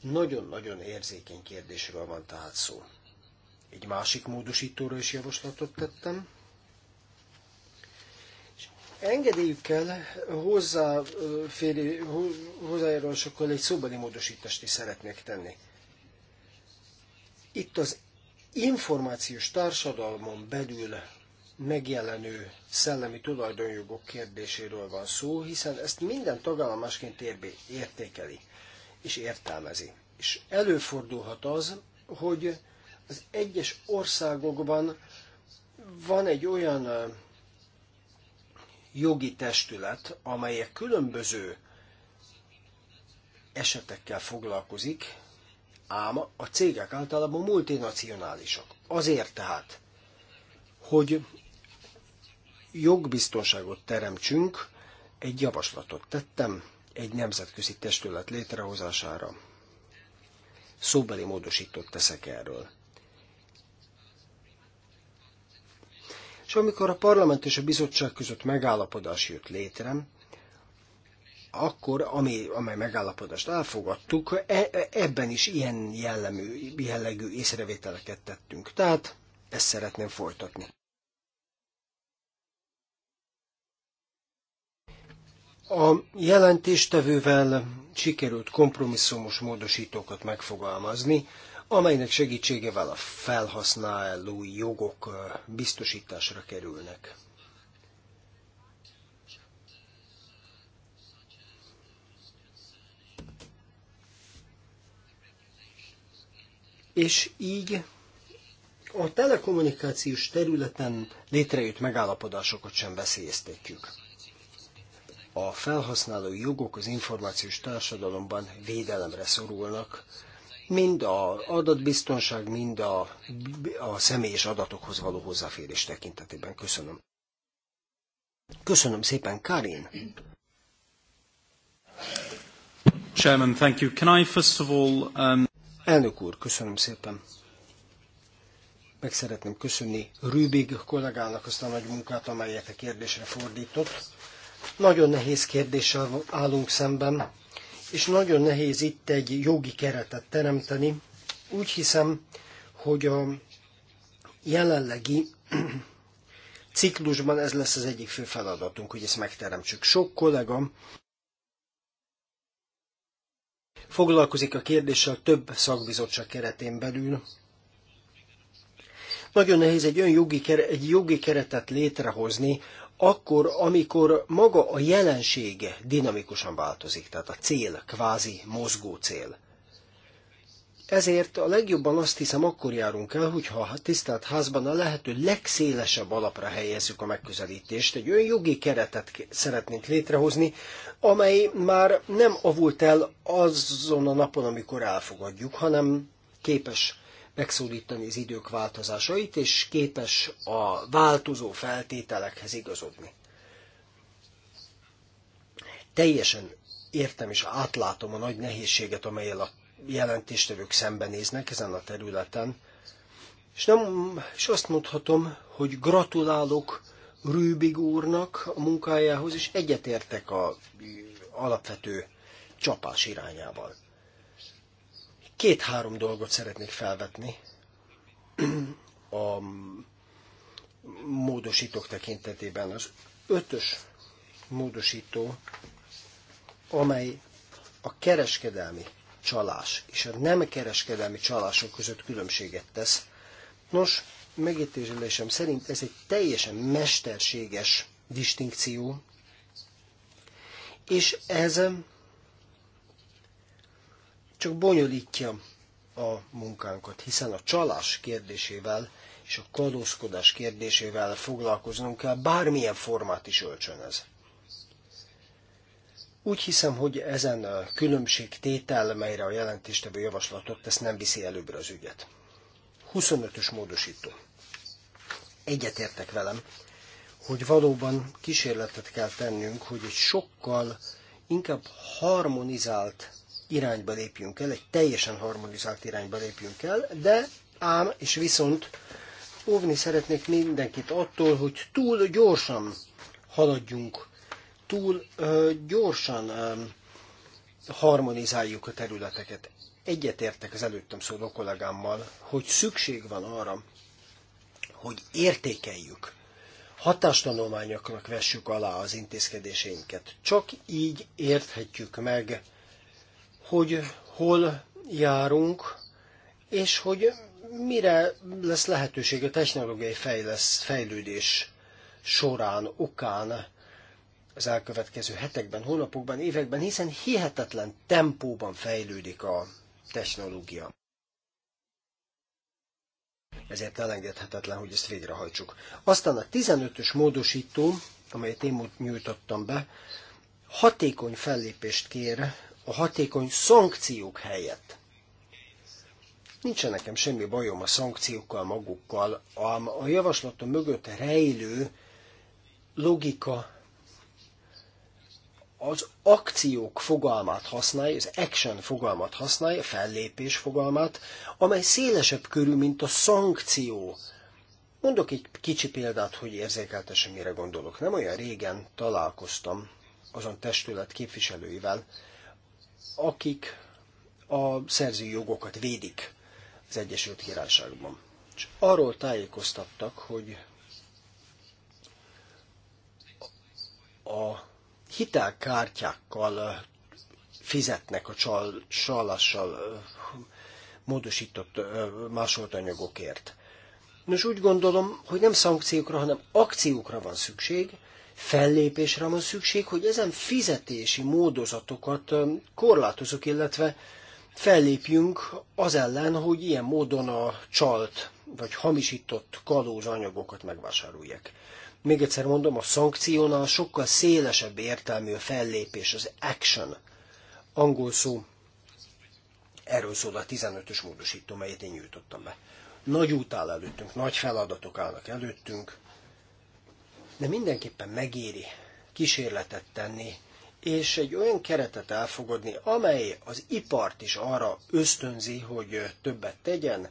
Nagyon-nagyon érzékeny kérdésről van tehát szó. Egy másik módosítóra is javaslatot tettem, engedélyükkel hozzáfér, hozzájárulásokkal egy szóbeli módosítást is szeretnék tenni. Itt az információs társadalmon belül megjelenő szellemi tulajdonjogok kérdéséről van szó, hiszen ezt minden tagállam másként értékeli és értelmezi. És előfordulhat az, hogy az egyes országokban van egy olyan jogi testület, amelyek különböző esetekkel foglalkozik, ám a cégek általában multinacionálisak. Azért tehát, hogy jogbiztonságot teremtsünk, egy javaslatot tettem egy nemzetközi testület létrehozására. Szóbeli módosított teszek erről. És amikor a parlament és a bizottság között megállapodás jött létre, akkor, ami, amely megállapodást elfogadtuk, e, e, ebben is ilyen jellemű, jellegű észrevételeket tettünk. Tehát ezt szeretném folytatni. A jelentéstevővel sikerült kompromisszumos módosítókat megfogalmazni, amelynek segítségével a felhasználói jogok biztosításra kerülnek. És így a telekommunikációs területen létrejött megállapodásokat sem veszélyeztetjük. A felhasználói jogok az információs társadalomban védelemre szorulnak, mind a adatbiztonság, mind a, a személyes adatokhoz való hozzáférés tekintetében. Köszönöm. Köszönöm szépen, Karin. Chairman, thank you. Can I first of all... Um... Elnök úr, köszönöm szépen. Meg szeretném köszönni Rübig kollégának azt a nagy munkát, amelyet a kérdésre fordított. Nagyon nehéz kérdéssel állunk szemben, és nagyon nehéz itt egy jogi keretet teremteni. Úgy hiszem, hogy a jelenlegi ciklusban ez lesz az egyik fő feladatunk, hogy ezt megteremtsük. Sok kollega foglalkozik a kérdéssel több szakbizottság keretén belül. Nagyon nehéz egy, olyan jogi, egy jogi keretet létrehozni, akkor, amikor maga a jelenség dinamikusan változik, tehát a cél, kvázi mozgó cél. Ezért a legjobban azt hiszem akkor járunk el, hogyha a tisztelt házban a lehető legszélesebb alapra helyezzük a megközelítést. Egy olyan jogi keretet szeretnénk létrehozni, amely már nem avult el azon a napon, amikor elfogadjuk, hanem képes megszólítani az idők változásait, és képes a változó feltételekhez igazodni. Teljesen értem és átlátom a nagy nehézséget, amelyel a jelentéstevők szembenéznek ezen a területen, és, nem, és azt mondhatom, hogy gratulálok Rübig úrnak a munkájához, és egyetértek a alapvető csapás irányával. Két-három dolgot szeretnék felvetni a módosítók tekintetében. Az ötös módosító, amely a kereskedelmi csalás és a nem kereskedelmi csalások között különbséget tesz. Nos, megítélésem szerint ez egy teljesen mesterséges distinkció, és ez csak bonyolítja a munkánkat, hiszen a csalás kérdésével és a kadózkodás kérdésével foglalkoznunk kell, bármilyen formát is öltsön ez. Úgy hiszem, hogy ezen a tétel, melyre a jelentéstevő javaslatot tesz, nem viszi előbbre az ügyet. 25-ös módosító. Egyetértek velem, hogy valóban kísérletet kell tennünk, hogy egy sokkal inkább harmonizált irányba lépjünk el, egy teljesen harmonizált irányba lépjünk el, de ám és viszont óvni szeretnék mindenkit attól, hogy túl gyorsan haladjunk, túl ö, gyorsan ö, harmonizáljuk a területeket. Egyetértek az előttem szóló kollégámmal, hogy szükség van arra, hogy értékeljük, hatástanulmányoknak vessük alá az intézkedéseinket. Csak így érthetjük meg hogy hol járunk, és hogy mire lesz lehetőség a technológiai fejlesz, fejlődés során, okán az elkövetkező hetekben, hónapokban, években, hiszen hihetetlen tempóban fejlődik a technológia. Ezért elengedhetetlen, hogy ezt végrehajtsuk. Aztán a 15-ös módosító, amelyet én nyújtottam be, hatékony fellépést kér a hatékony szankciók helyett. Nincsen nekem semmi bajom a szankciókkal magukkal, a, a javaslatom mögött rejlő logika az akciók fogalmát használja, az action fogalmat használja, a fellépés fogalmát, amely szélesebb körül, mint a szankció. Mondok egy kicsi példát, hogy érzékeltesen mire gondolok. Nem olyan régen találkoztam azon testület képviselőivel, akik a szerzői jogokat védik az Egyesült Királyságban. És arról tájékoztattak, hogy a hitelkártyákkal fizetnek a csal, csalással módosított másolt anyagokért. Nos, úgy gondolom, hogy nem szankciókra, hanem akciókra van szükség, fellépésre van szükség, hogy ezen fizetési módozatokat korlátozok, illetve fellépjünk az ellen, hogy ilyen módon a csalt vagy hamisított kalóz anyagokat megvásárolják. Még egyszer mondom, a szankciónál sokkal szélesebb értelmű a fellépés, az action. Angol szó, erről szól a 15-ös módosító, melyet én nyújtottam be. Nagy út áll előttünk, nagy feladatok állnak előttünk, de mindenképpen megéri kísérletet tenni, és egy olyan keretet elfogadni, amely az ipart is arra ösztönzi, hogy többet tegyen,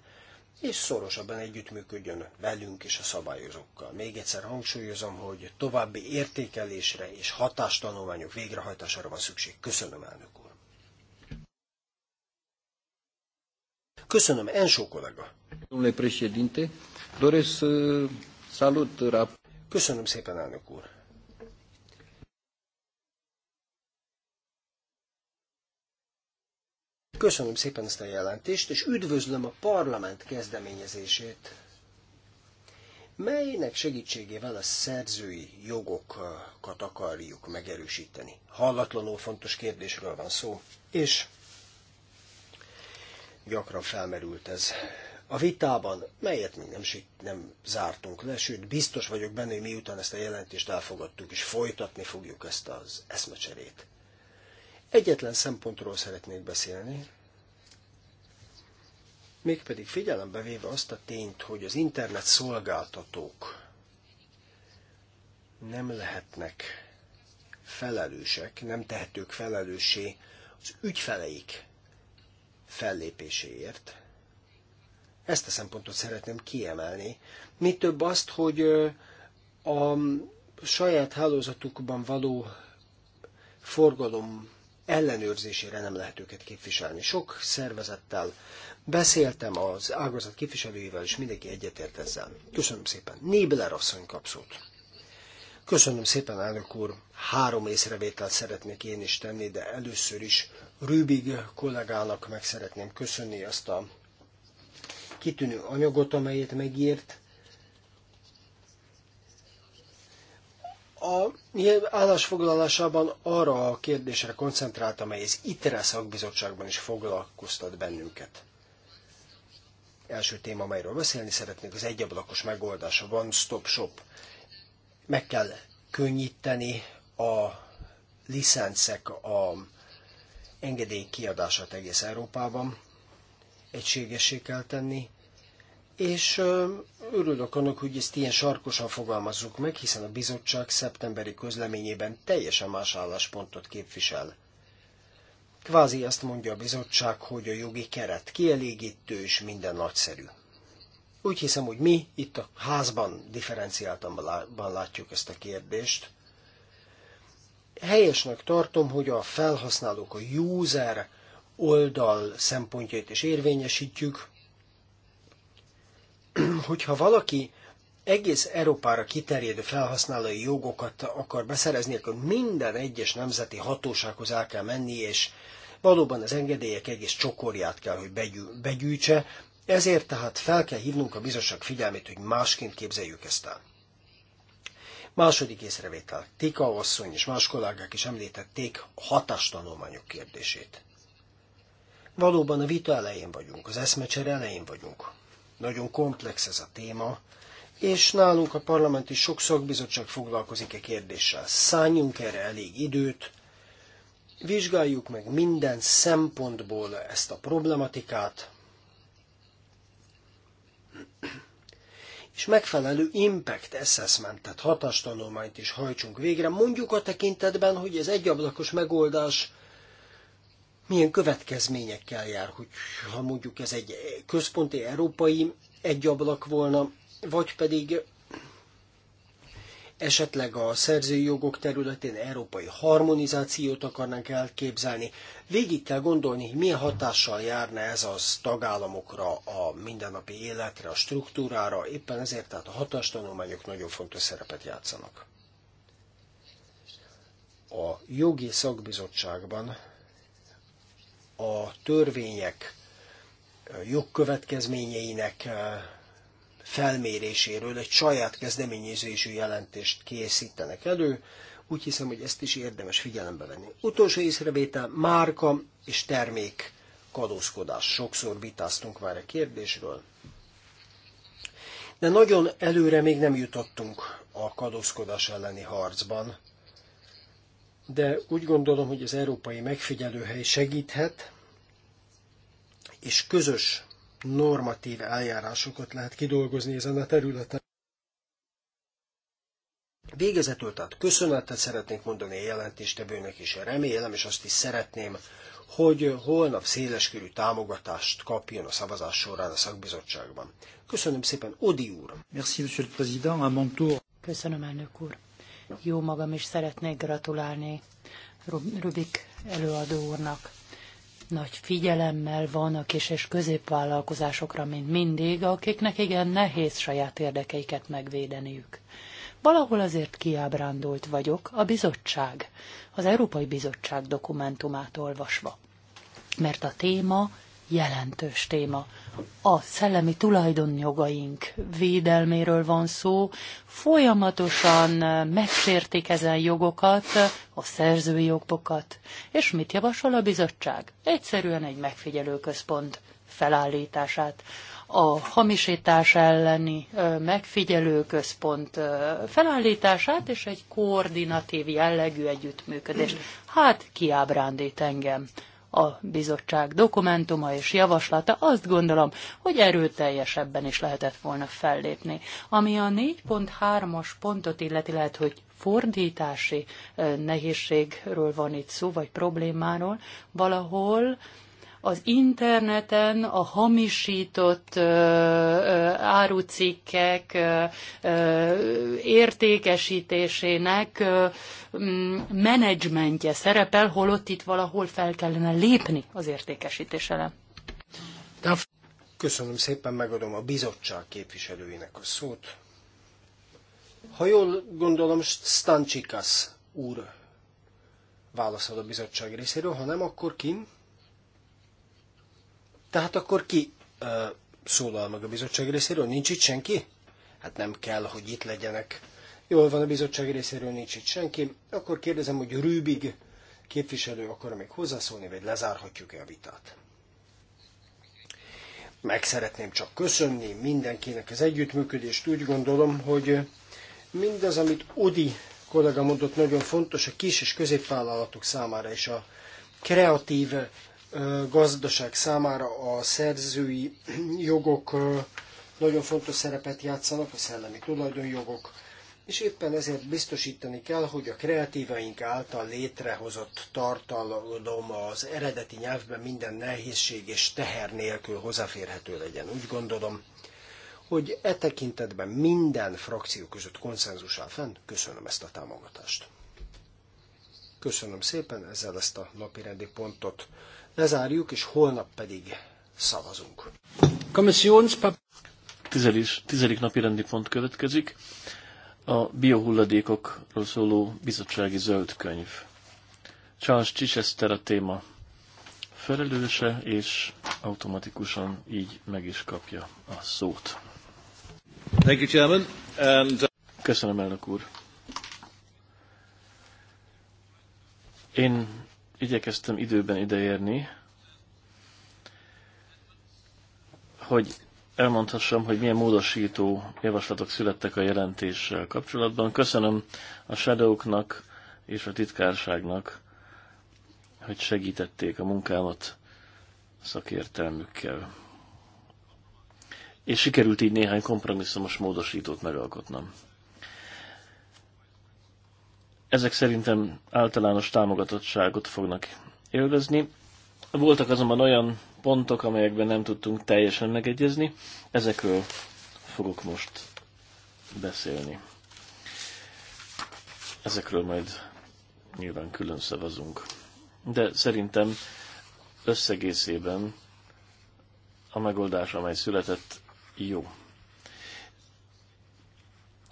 és szorosabban együttműködjön velünk és a szabályozókkal. Még egyszer hangsúlyozom, hogy további értékelésre és hatástanulmányok végrehajtására van szükség. Köszönöm, elnök úr. Köszönöm, Ensó kollega. Domnule președinte, doresc să salut rap. Köszönöm szépen, elnök úr! Köszönöm szépen ezt a jelentést, és üdvözlöm a parlament kezdeményezését, melynek segítségével a szerzői jogokat akarjuk megerősíteni. Hallatlanul fontos kérdésről van szó, és gyakran felmerült ez a vitában, melyet még nem, nem zártunk le, sőt biztos vagyok benne, hogy miután ezt a jelentést elfogadtuk, és folytatni fogjuk ezt az eszmecserét. Egyetlen szempontról szeretnék beszélni, mégpedig figyelembe véve azt a tényt, hogy az internet szolgáltatók nem lehetnek felelősek, nem tehetők felelőssé az ügyfeleik fellépéséért, ezt a szempontot szeretném kiemelni. Mi több azt, hogy a saját hálózatukban való forgalom ellenőrzésére nem lehet őket képviselni. Sok szervezettel beszéltem az ágazat képviselőivel, és mindenki egyetért ezzel. Köszönöm szépen. Nébler asszony kapszót. Köszönöm szépen, elnök úr. Három észrevételt szeretnék én is tenni, de először is Rübig kollégának meg szeretném köszönni azt a kitűnő anyagot, amelyet megírt. A állásfoglalásában arra a kérdésre koncentrált, amely az ITRE szakbizottságban is foglalkoztat bennünket. Első téma, amelyről beszélni szeretnék, az egyablakos megoldás, a One Stop Shop. Meg kell könnyíteni a licencek, a engedély kiadását egész Európában egységesé kell tenni, és örülök annak, hogy ezt ilyen sarkosan fogalmazzuk meg, hiszen a bizottság szeptemberi közleményében teljesen más álláspontot képvisel. Kvázi azt mondja a bizottság, hogy a jogi keret kielégítő és minden nagyszerű. Úgy hiszem, hogy mi itt a házban differenciáltan látjuk ezt a kérdést. Helyesnek tartom, hogy a felhasználók, a user oldal szempontjait is érvényesítjük. Hogyha valaki egész Európára kiterjedő felhasználói jogokat akar beszerezni, akkor minden egyes nemzeti hatósághoz el kell menni, és valóban az engedélyek egész csokorját kell, hogy begyűjtse, ezért tehát fel kell hívnunk a bizottság figyelmét, hogy másként képzeljük ezt el. Második észrevétel. Tika asszony és más kollégák is említették hatástanulmányok kérdését. Valóban a vita elején vagyunk, az eszmecsere elején vagyunk. Nagyon komplex ez a téma, és nálunk a parlamenti sok szakbizottság foglalkozik e kérdéssel. Szálljunk erre elég időt, vizsgáljuk meg minden szempontból ezt a problematikát, és megfelelő impact assessment, tehát hatástanulmányt is hajtsunk végre, mondjuk a tekintetben, hogy ez egyablakos megoldás milyen következményekkel jár, hogy ha mondjuk ez egy központi európai egy ablak volna, vagy pedig esetleg a szerzői jogok területén európai harmonizációt akarnánk elképzelni. Végig kell gondolni, hogy milyen hatással járna ez az tagállamokra, a mindennapi életre, a struktúrára, éppen ezért tehát a hatástanulmányok nagyon fontos szerepet játszanak. A jogi szakbizottságban a törvények jogkövetkezményeinek eh, felméréséről egy saját kezdeményezésű jelentést készítenek elő, úgy hiszem, hogy ezt is érdemes figyelembe venni. Utolsó észrevétel, márka és termék kadózkodás. Sokszor vitáztunk már a e kérdésről, de nagyon előre még nem jutottunk a kadózkodás elleni harcban de úgy gondolom, hogy az európai megfigyelőhely segíthet, és közös normatív eljárásokat lehet kidolgozni ezen a területen. Végezetül, tehát köszönetet szeretnék mondani a jelentéstevőnek, és remélem, és azt is szeretném, hogy holnap széleskörű támogatást kapjon a szavazás során a szakbizottságban. Köszönöm szépen, Odi úr! Merci, monsieur le président, à mon tour. Köszönöm, elnök úr! Jó magam is szeretnék gratulálni Rubik előadó úrnak. Nagy figyelemmel van a kis és középvállalkozásokra, mint mindig, akiknek igen nehéz saját érdekeiket megvédeniük. Valahol azért kiábrándult vagyok a bizottság, az Európai Bizottság dokumentumát olvasva. Mert a téma jelentős téma a szellemi tulajdonjogaink védelméről van szó, folyamatosan eh, megsértik ezen jogokat, a szerzői jogokat. És mit javasol a bizottság? Egyszerűen egy megfigyelőközpont felállítását. A hamisítás elleni eh, megfigyelőközpont eh, felállítását és egy koordinatív jellegű együttműködést. Hát kiábrándít engem a bizottság dokumentuma és javaslata, azt gondolom, hogy erőteljesebben is lehetett volna fellépni. Ami a 4.3-as pontot illeti, lehet, hogy fordítási nehézségről van itt szó, vagy problémáról, valahol az interneten a hamisított árucikkek értékesítésének mm, menedzsmentje szerepel, holott itt valahol fel kellene lépni az értékesítés ellen. Köszönöm szépen, megadom a bizottság képviselőinek a szót. Ha jól gondolom, Stancsikas úr válaszol a bizottság részéről, ha nem, akkor kim? Tehát akkor ki uh, szólal meg a bizottság részéről? Nincs itt senki? Hát nem kell, hogy itt legyenek. Jól van, a bizottság részéről nincs itt senki. Akkor kérdezem, hogy Rübig képviselő akar még hozzászólni, vagy lezárhatjuk-e a vitát? Meg szeretném csak köszönni mindenkinek az együttműködést. Úgy gondolom, hogy mindaz, amit Odi kollega mondott, nagyon fontos a kis és középvállalatok számára és a kreatív gazdaság számára a szerzői jogok nagyon fontos szerepet játszanak, a szellemi tulajdonjogok, és éppen ezért biztosítani kell, hogy a kreatívaink által létrehozott tartalom az eredeti nyelvben minden nehézség és teher nélkül hozzáférhető legyen. Úgy gondolom, hogy e tekintetben minden frakció között konszenzus áll fenn. Köszönöm ezt a támogatást. Köszönöm szépen, ezzel ezt a napirendi pontot lezárjuk, és holnap pedig szavazunk. Tizedik, tizedik napi rendi pont következik. A biohulladékokról szóló bizottsági zöld könyv. Charles Chichester a téma felelőse, és automatikusan így meg is kapja a szót. Thank you, Chairman. And... Uh, Köszönöm, elnök úr. Én igyekeztem időben ideérni, hogy elmondhassam, hogy milyen módosító javaslatok születtek a jelentéssel kapcsolatban. Köszönöm a Shadowknak és a titkárságnak, hogy segítették a munkámat szakértelmükkel. És sikerült így néhány kompromisszumos módosítót megalkotnom. Ezek szerintem általános támogatottságot fognak élvezni. Voltak azonban olyan pontok, amelyekben nem tudtunk teljesen megegyezni. Ezekről fogok most beszélni. Ezekről majd nyilván külön szavazunk. De szerintem összegészében a megoldás, amely született, jó.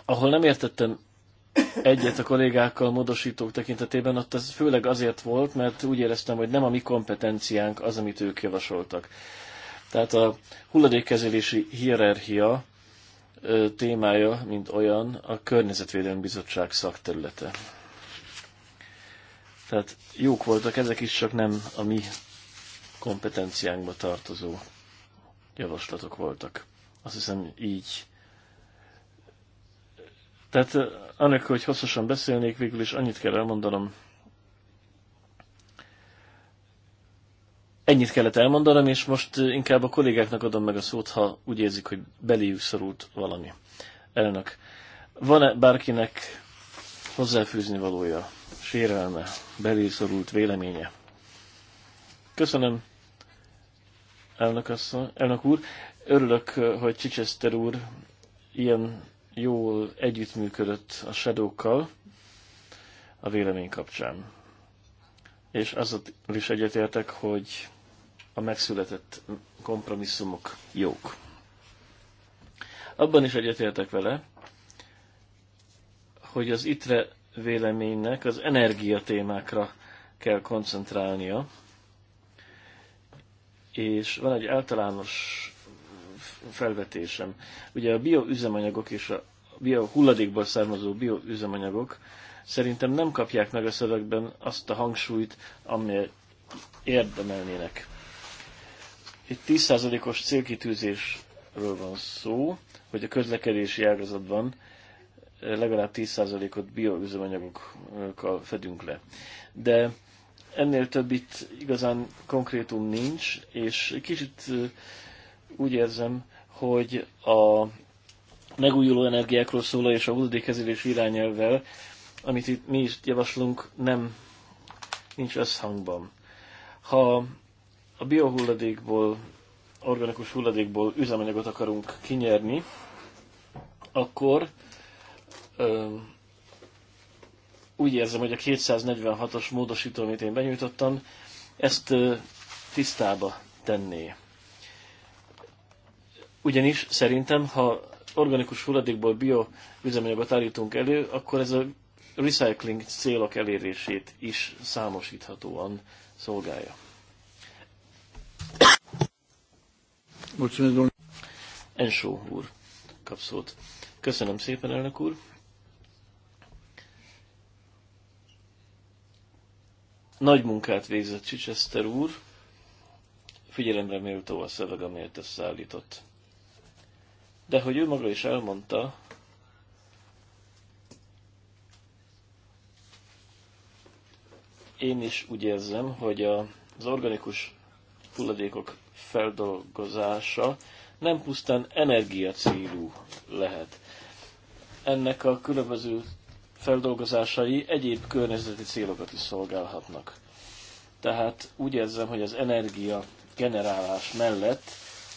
Ahol nem értettem egyet a kollégákkal módosítók tekintetében, ott ez főleg azért volt, mert úgy éreztem, hogy nem a mi kompetenciánk az, amit ők javasoltak. Tehát a hulladékkezelési hierarchia témája, mint olyan, a Környezetvédelmi Bizottság szakterülete. Tehát jók voltak ezek is, csak nem a mi kompetenciánkba tartozó javaslatok voltak. Azt hiszem így tehát annak, hogy hosszasan beszélnék, végül is annyit kell elmondanom. Ennyit kellett elmondanom, és most inkább a kollégáknak adom meg a szót, ha úgy érzik, hogy beléjük szorult valami. Elnök, van-e bárkinek hozzáfűzni valója, sérelme, beléjük szorult véleménye? Köszönöm, elnök, asszony, elnök úr. Örülök, hogy Csicseszter úr ilyen jól együttműködött a Shadowkkal a vélemény kapcsán. És azzal is egyetértek, hogy a megszületett kompromisszumok jók. Abban is egyetértek vele, hogy az ITRE véleménynek az energiatémákra kell koncentrálnia, és van egy általános felvetésem. Ugye a bioüzemanyagok és a bio hulladékból származó bioüzemanyagok szerintem nem kapják meg a szövegben azt a hangsúlyt, amely érdemelnének. Itt 10%-os célkitűzésről van szó, hogy a közlekedési ágazatban legalább 10%-ot bioüzemanyagokkal fedünk le. De ennél több itt igazán konkrétum nincs, és kicsit úgy érzem, hogy a megújuló energiákról szóló és a hulladékkezelés irányelvvel, amit itt mi is javaslunk, nem nincs összhangban. Ha a biohulladékból, organikus hulladékból üzemanyagot akarunk kinyerni, akkor ö, úgy érzem, hogy a 246-os módosító, amit én benyújtottam, ezt ö, tisztába tenné. Ugyanis szerintem, ha organikus hulladékból bioüzemanyagot állítunk elő, akkor ez a recycling célok elérését is számosíthatóan szolgálja. Ensó úr kap szót. Köszönöm szépen, elnök úr. Nagy munkát végzett Chichester úr. Figyelemre méltó a szöveg, amelyet összeállított. De hogy ő maga is elmondta, én is úgy érzem, hogy az organikus hulladékok feldolgozása nem pusztán energia célú lehet. Ennek a különböző feldolgozásai egyéb környezeti célokat is szolgálhatnak. Tehát úgy érzem, hogy az energia generálás mellett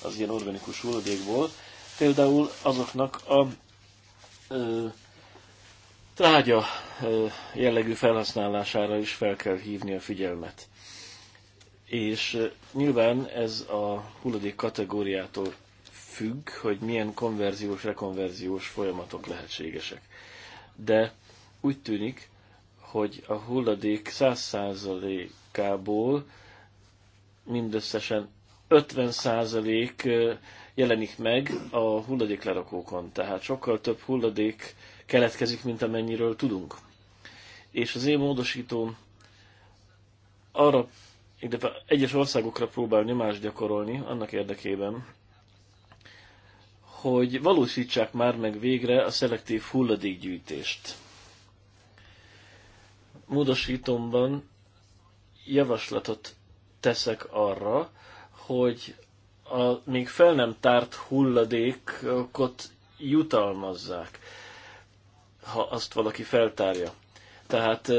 az ilyen organikus hulladékból például azoknak a ö, trágya ö, jellegű felhasználására is fel kell hívni a figyelmet. És ö, nyilván ez a hulladék kategóriától függ, hogy milyen konverziós, rekonverziós folyamatok lehetségesek. De úgy tűnik, hogy a hulladék 100%-ából mindösszesen 50% jelenik meg a hulladéklerakókon. Tehát sokkal több hulladék keletkezik, mint amennyiről tudunk. És az én módosítóm arra, illetve egyes országokra próbál nyomást gyakorolni annak érdekében, hogy valósítsák már meg végre a szelektív hulladékgyűjtést. Módosítomban javaslatot teszek arra, hogy a még fel nem tárt hulladékot jutalmazzák, ha azt valaki feltárja. Tehát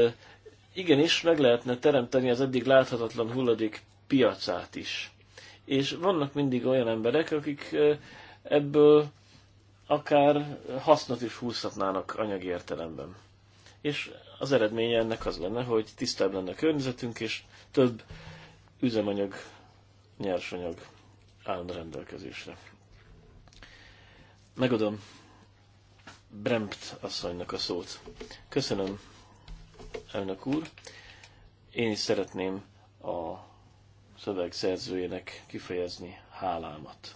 igenis meg lehetne teremteni az eddig láthatatlan hulladék piacát is. És vannak mindig olyan emberek, akik ebből akár hasznot is húzhatnának anyagi értelemben. És az eredménye ennek az lenne, hogy tisztább lenne a környezetünk, és több üzemanyag, nyersanyag állna rendelkezésre. Megadom Brempt asszonynak a szót. Köszönöm, elnök úr. Én is szeretném a szöveg szerzőjének kifejezni hálámat.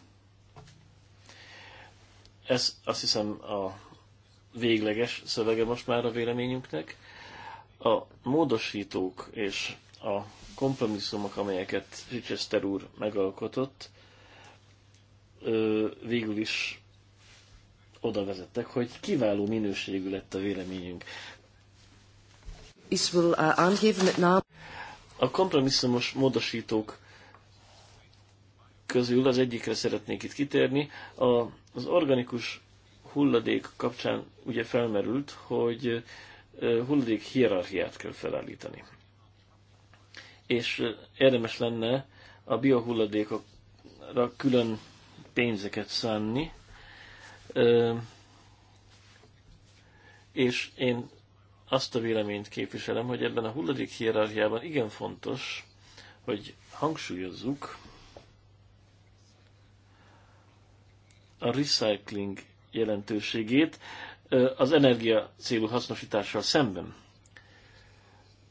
Ez azt hiszem a végleges szövege most már a véleményünknek. A módosítók és a kompromisszumok, amelyeket Richester úr megalkotott, végül is oda vezettek, hogy kiváló minőségű lett a véleményünk. Uh, a kompromisszumos módosítók közül az egyikre szeretnék itt kitérni. A, az organikus hulladék kapcsán ugye felmerült, hogy hulladék hierarchiát kell felállítani. És érdemes lenne a biohulladékokra külön pénzeket szánni, és én azt a véleményt képviselem, hogy ebben a hulladék hierarchiában igen fontos, hogy hangsúlyozzuk a recycling jelentőségét az energia célú hasznosítással szemben.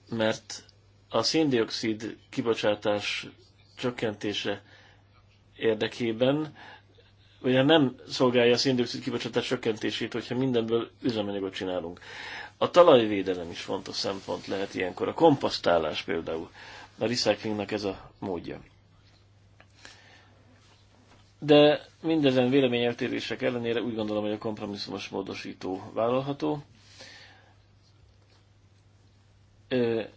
Mert a széndiokszid kibocsátás csökkentése érdekében, ugye nem szolgálja a széndiokszid kibocsátás csökkentését, hogyha mindenből üzemanyagot csinálunk. A talajvédelem is fontos szempont lehet ilyenkor, a komposztálás például. A recyclingnak ez a módja. De mindezen véleményeltérések ellenére úgy gondolom, hogy a kompromisszumos módosító vállalható,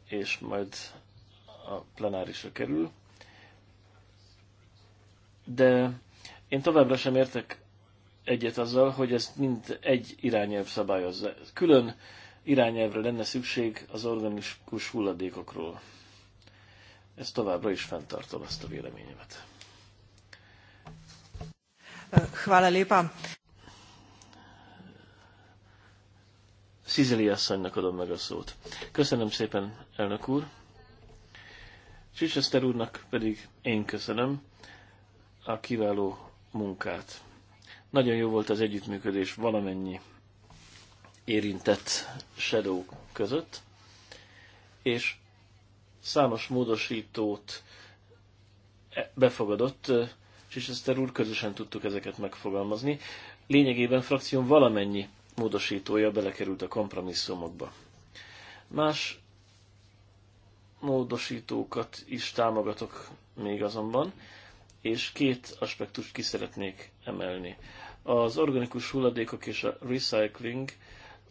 és majd a plenárisra kerül de én továbbra sem értek egyet azzal, hogy ezt mind egy irányelv szabályozza. Külön irányelvre lenne szükség az organikus hulladékokról. Ezt továbbra is fenntartom, ezt a véleményemet. Hvala lépa. Szizeli asszonynak adom meg a szót. Köszönöm szépen, elnök úr. Csicseszter úrnak pedig én köszönöm a kiváló munkát. Nagyon jó volt az együttműködés valamennyi érintett shadow között, és számos módosítót befogadott, a úr, közösen tudtuk ezeket megfogalmazni. Lényegében frakción valamennyi módosítója belekerült a kompromisszumokba. Más módosítókat is támogatok még azonban, és két aspektust ki szeretnék emelni. Az organikus hulladékok és a recycling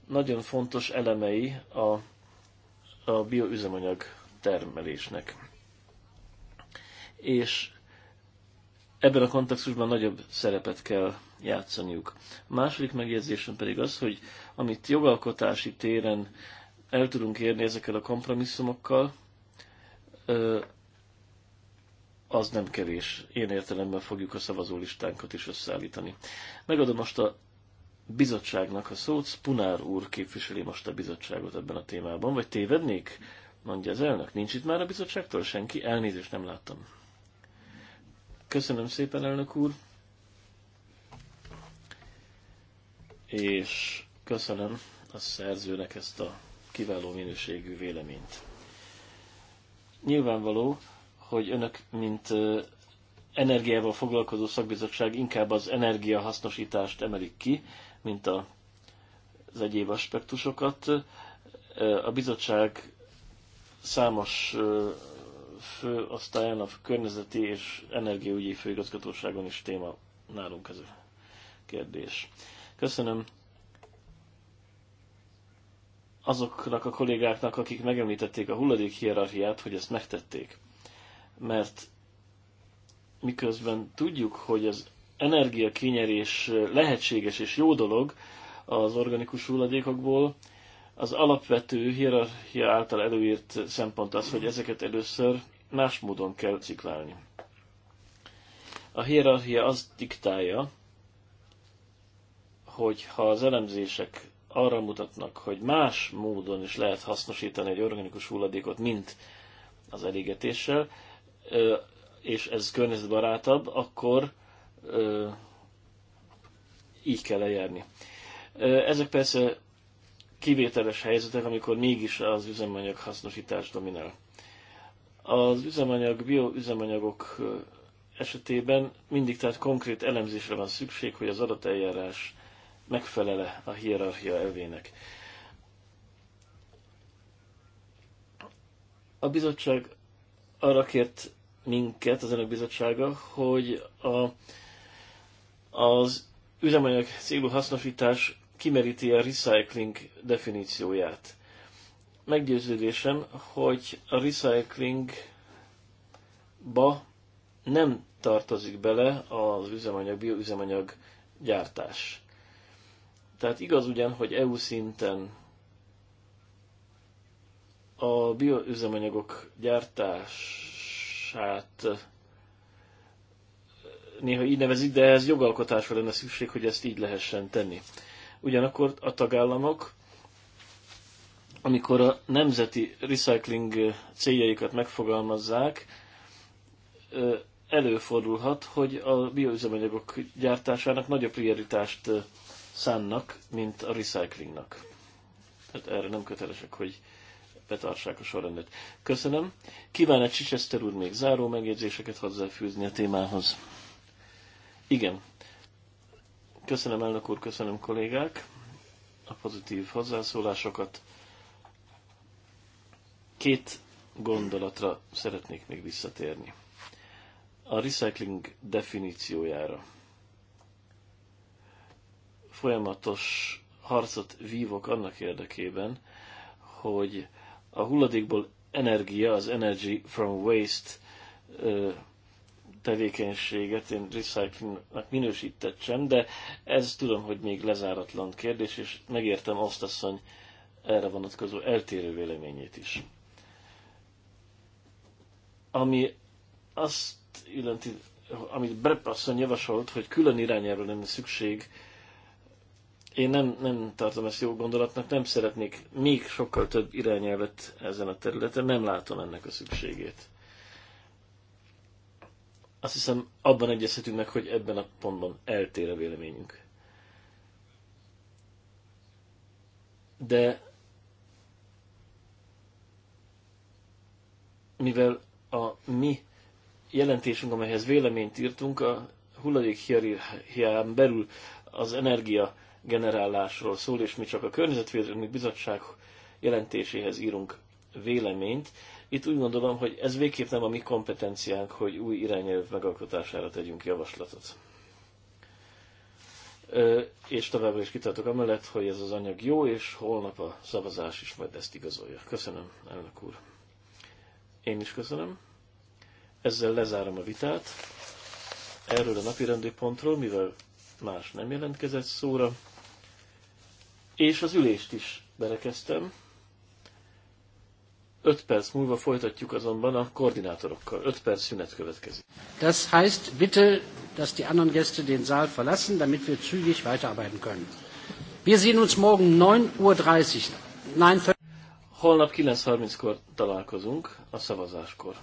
nagyon fontos elemei a, a bioüzemanyag termelésnek. És ebben a kontextusban nagyobb szerepet kell játszaniuk. A második megjegyzésem pedig az, hogy amit jogalkotási téren el tudunk érni ezekkel a kompromisszumokkal, az nem kevés. Én értelemben fogjuk a szavazólistánkat is összeállítani. Megadom most a bizottságnak a szót. Spunár úr képviseli most a bizottságot ebben a témában. Vagy tévednék? Mondja az elnök. Nincs itt már a bizottságtól senki? Elnézést nem láttam. Köszönöm szépen, elnök úr. És köszönöm a szerzőnek ezt a kiváló minőségű véleményt. Nyilvánvaló, hogy önök, mint energiával foglalkozó szakbizottság inkább az energiahasznosítást emelik ki, mint a, az egyéb aspektusokat. A bizottság számos főosztályán, a környezeti és energiaügyi főigazgatóságon is téma nálunk ez a kérdés. Köszönöm azoknak a kollégáknak, akik megemlítették a hulladék hierarchiát, hogy ezt megtették mert miközben tudjuk, hogy az energiakinyerés lehetséges és jó dolog az organikus hulladékokból, az alapvető hierarchia által előírt szempont az, hogy ezeket először más módon kell ciklálni. A hierarchia azt diktálja, hogy ha az elemzések arra mutatnak, hogy más módon is lehet hasznosítani egy organikus hulladékot, mint az elégetéssel, és ez környezetbarátabb, akkor így kell eljárni. Ezek persze kivételes helyzetek, amikor mégis az üzemanyag hasznosítás dominál. Az üzemanyag, bioüzemanyagok esetében mindig tehát konkrét elemzésre van szükség, hogy az adateljárás eljárás megfelele a hierarchia elvének. A bizottság arra kért minket, az önök bizottsága, hogy a, az üzemanyag célú hasznosítás kimeríti a recycling definícióját. Meggyőződésem, hogy a recyclingba nem tartozik bele az üzemanyag, bioüzemanyag gyártás. Tehát igaz ugyan, hogy EU szinten a bioüzemanyagok gyártás hát néha így nevezik, de ez jogalkotásra lenne szükség, hogy ezt így lehessen tenni. Ugyanakkor a tagállamok, amikor a nemzeti recycling céljaikat megfogalmazzák, előfordulhat, hogy a bioüzemanyagok gyártásának nagyobb prioritást szánnak, mint a recyclingnak. Tehát erre nem kötelesek, hogy betartsák a sorrendet. Köszönöm. Kíván egy Csicseszter úr még záró megjegyzéseket hozzáfűzni a témához? Igen. Köszönöm, elnök úr, köszönöm, kollégák, a pozitív hozzászólásokat. Két gondolatra szeretnék még visszatérni. A recycling definíciójára. Folyamatos harcot vívok annak érdekében, hogy a hulladékból energia, az Energy from Waste tevékenységet én recyclingnak minősítettem, de ez tudom, hogy még lezáratlan kérdés, és megértem azt asszony erre vonatkozó eltérő véleményét is. Ami azt illeti, amit Brepp asszony javasolt, hogy külön irányáról lenne szükség én nem, nem tartom ezt jó gondolatnak, nem szeretnék még sokkal több irányelvet ezen a területen, nem látom ennek a szükségét. Azt hiszem, abban egyezhetünk meg, hogy ebben a pontban eltér a véleményünk. De mivel a mi jelentésünk, amelyhez véleményt írtunk, a hulladék belül az energia generálásról szól, és mi csak a Környezetvédelmi Bizottság jelentéséhez írunk véleményt. Itt úgy gondolom, hogy ez végképp nem a mi kompetenciánk, hogy új irányelv megalkotására tegyünk javaslatot. És továbbra is kitartok amellett, hogy ez az anyag jó, és holnap a szavazás is majd ezt igazolja. Köszönöm, elnök úr. Én is köszönöm. Ezzel lezárom a vitát erről a napi pontról, mivel más nem jelentkezett szóra, és az ülést is berekeztem. Öt perc múlva folytatjuk azonban a koordinátorokkal. Öt perc szünet következik. Das heißt bitte, dass die anderen Gäste den Saal verlassen, damit wir zügig weiterarbeiten können. Wir sehen uns morgen 9.30 Uhr. Holnap 9.30-kor találkozunk a szavazáskor.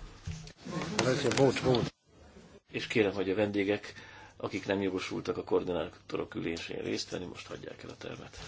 És kérem, hogy a vendégek akik nem jogosultak a koordinátorok ülésén részt venni, most hagyják el a termet.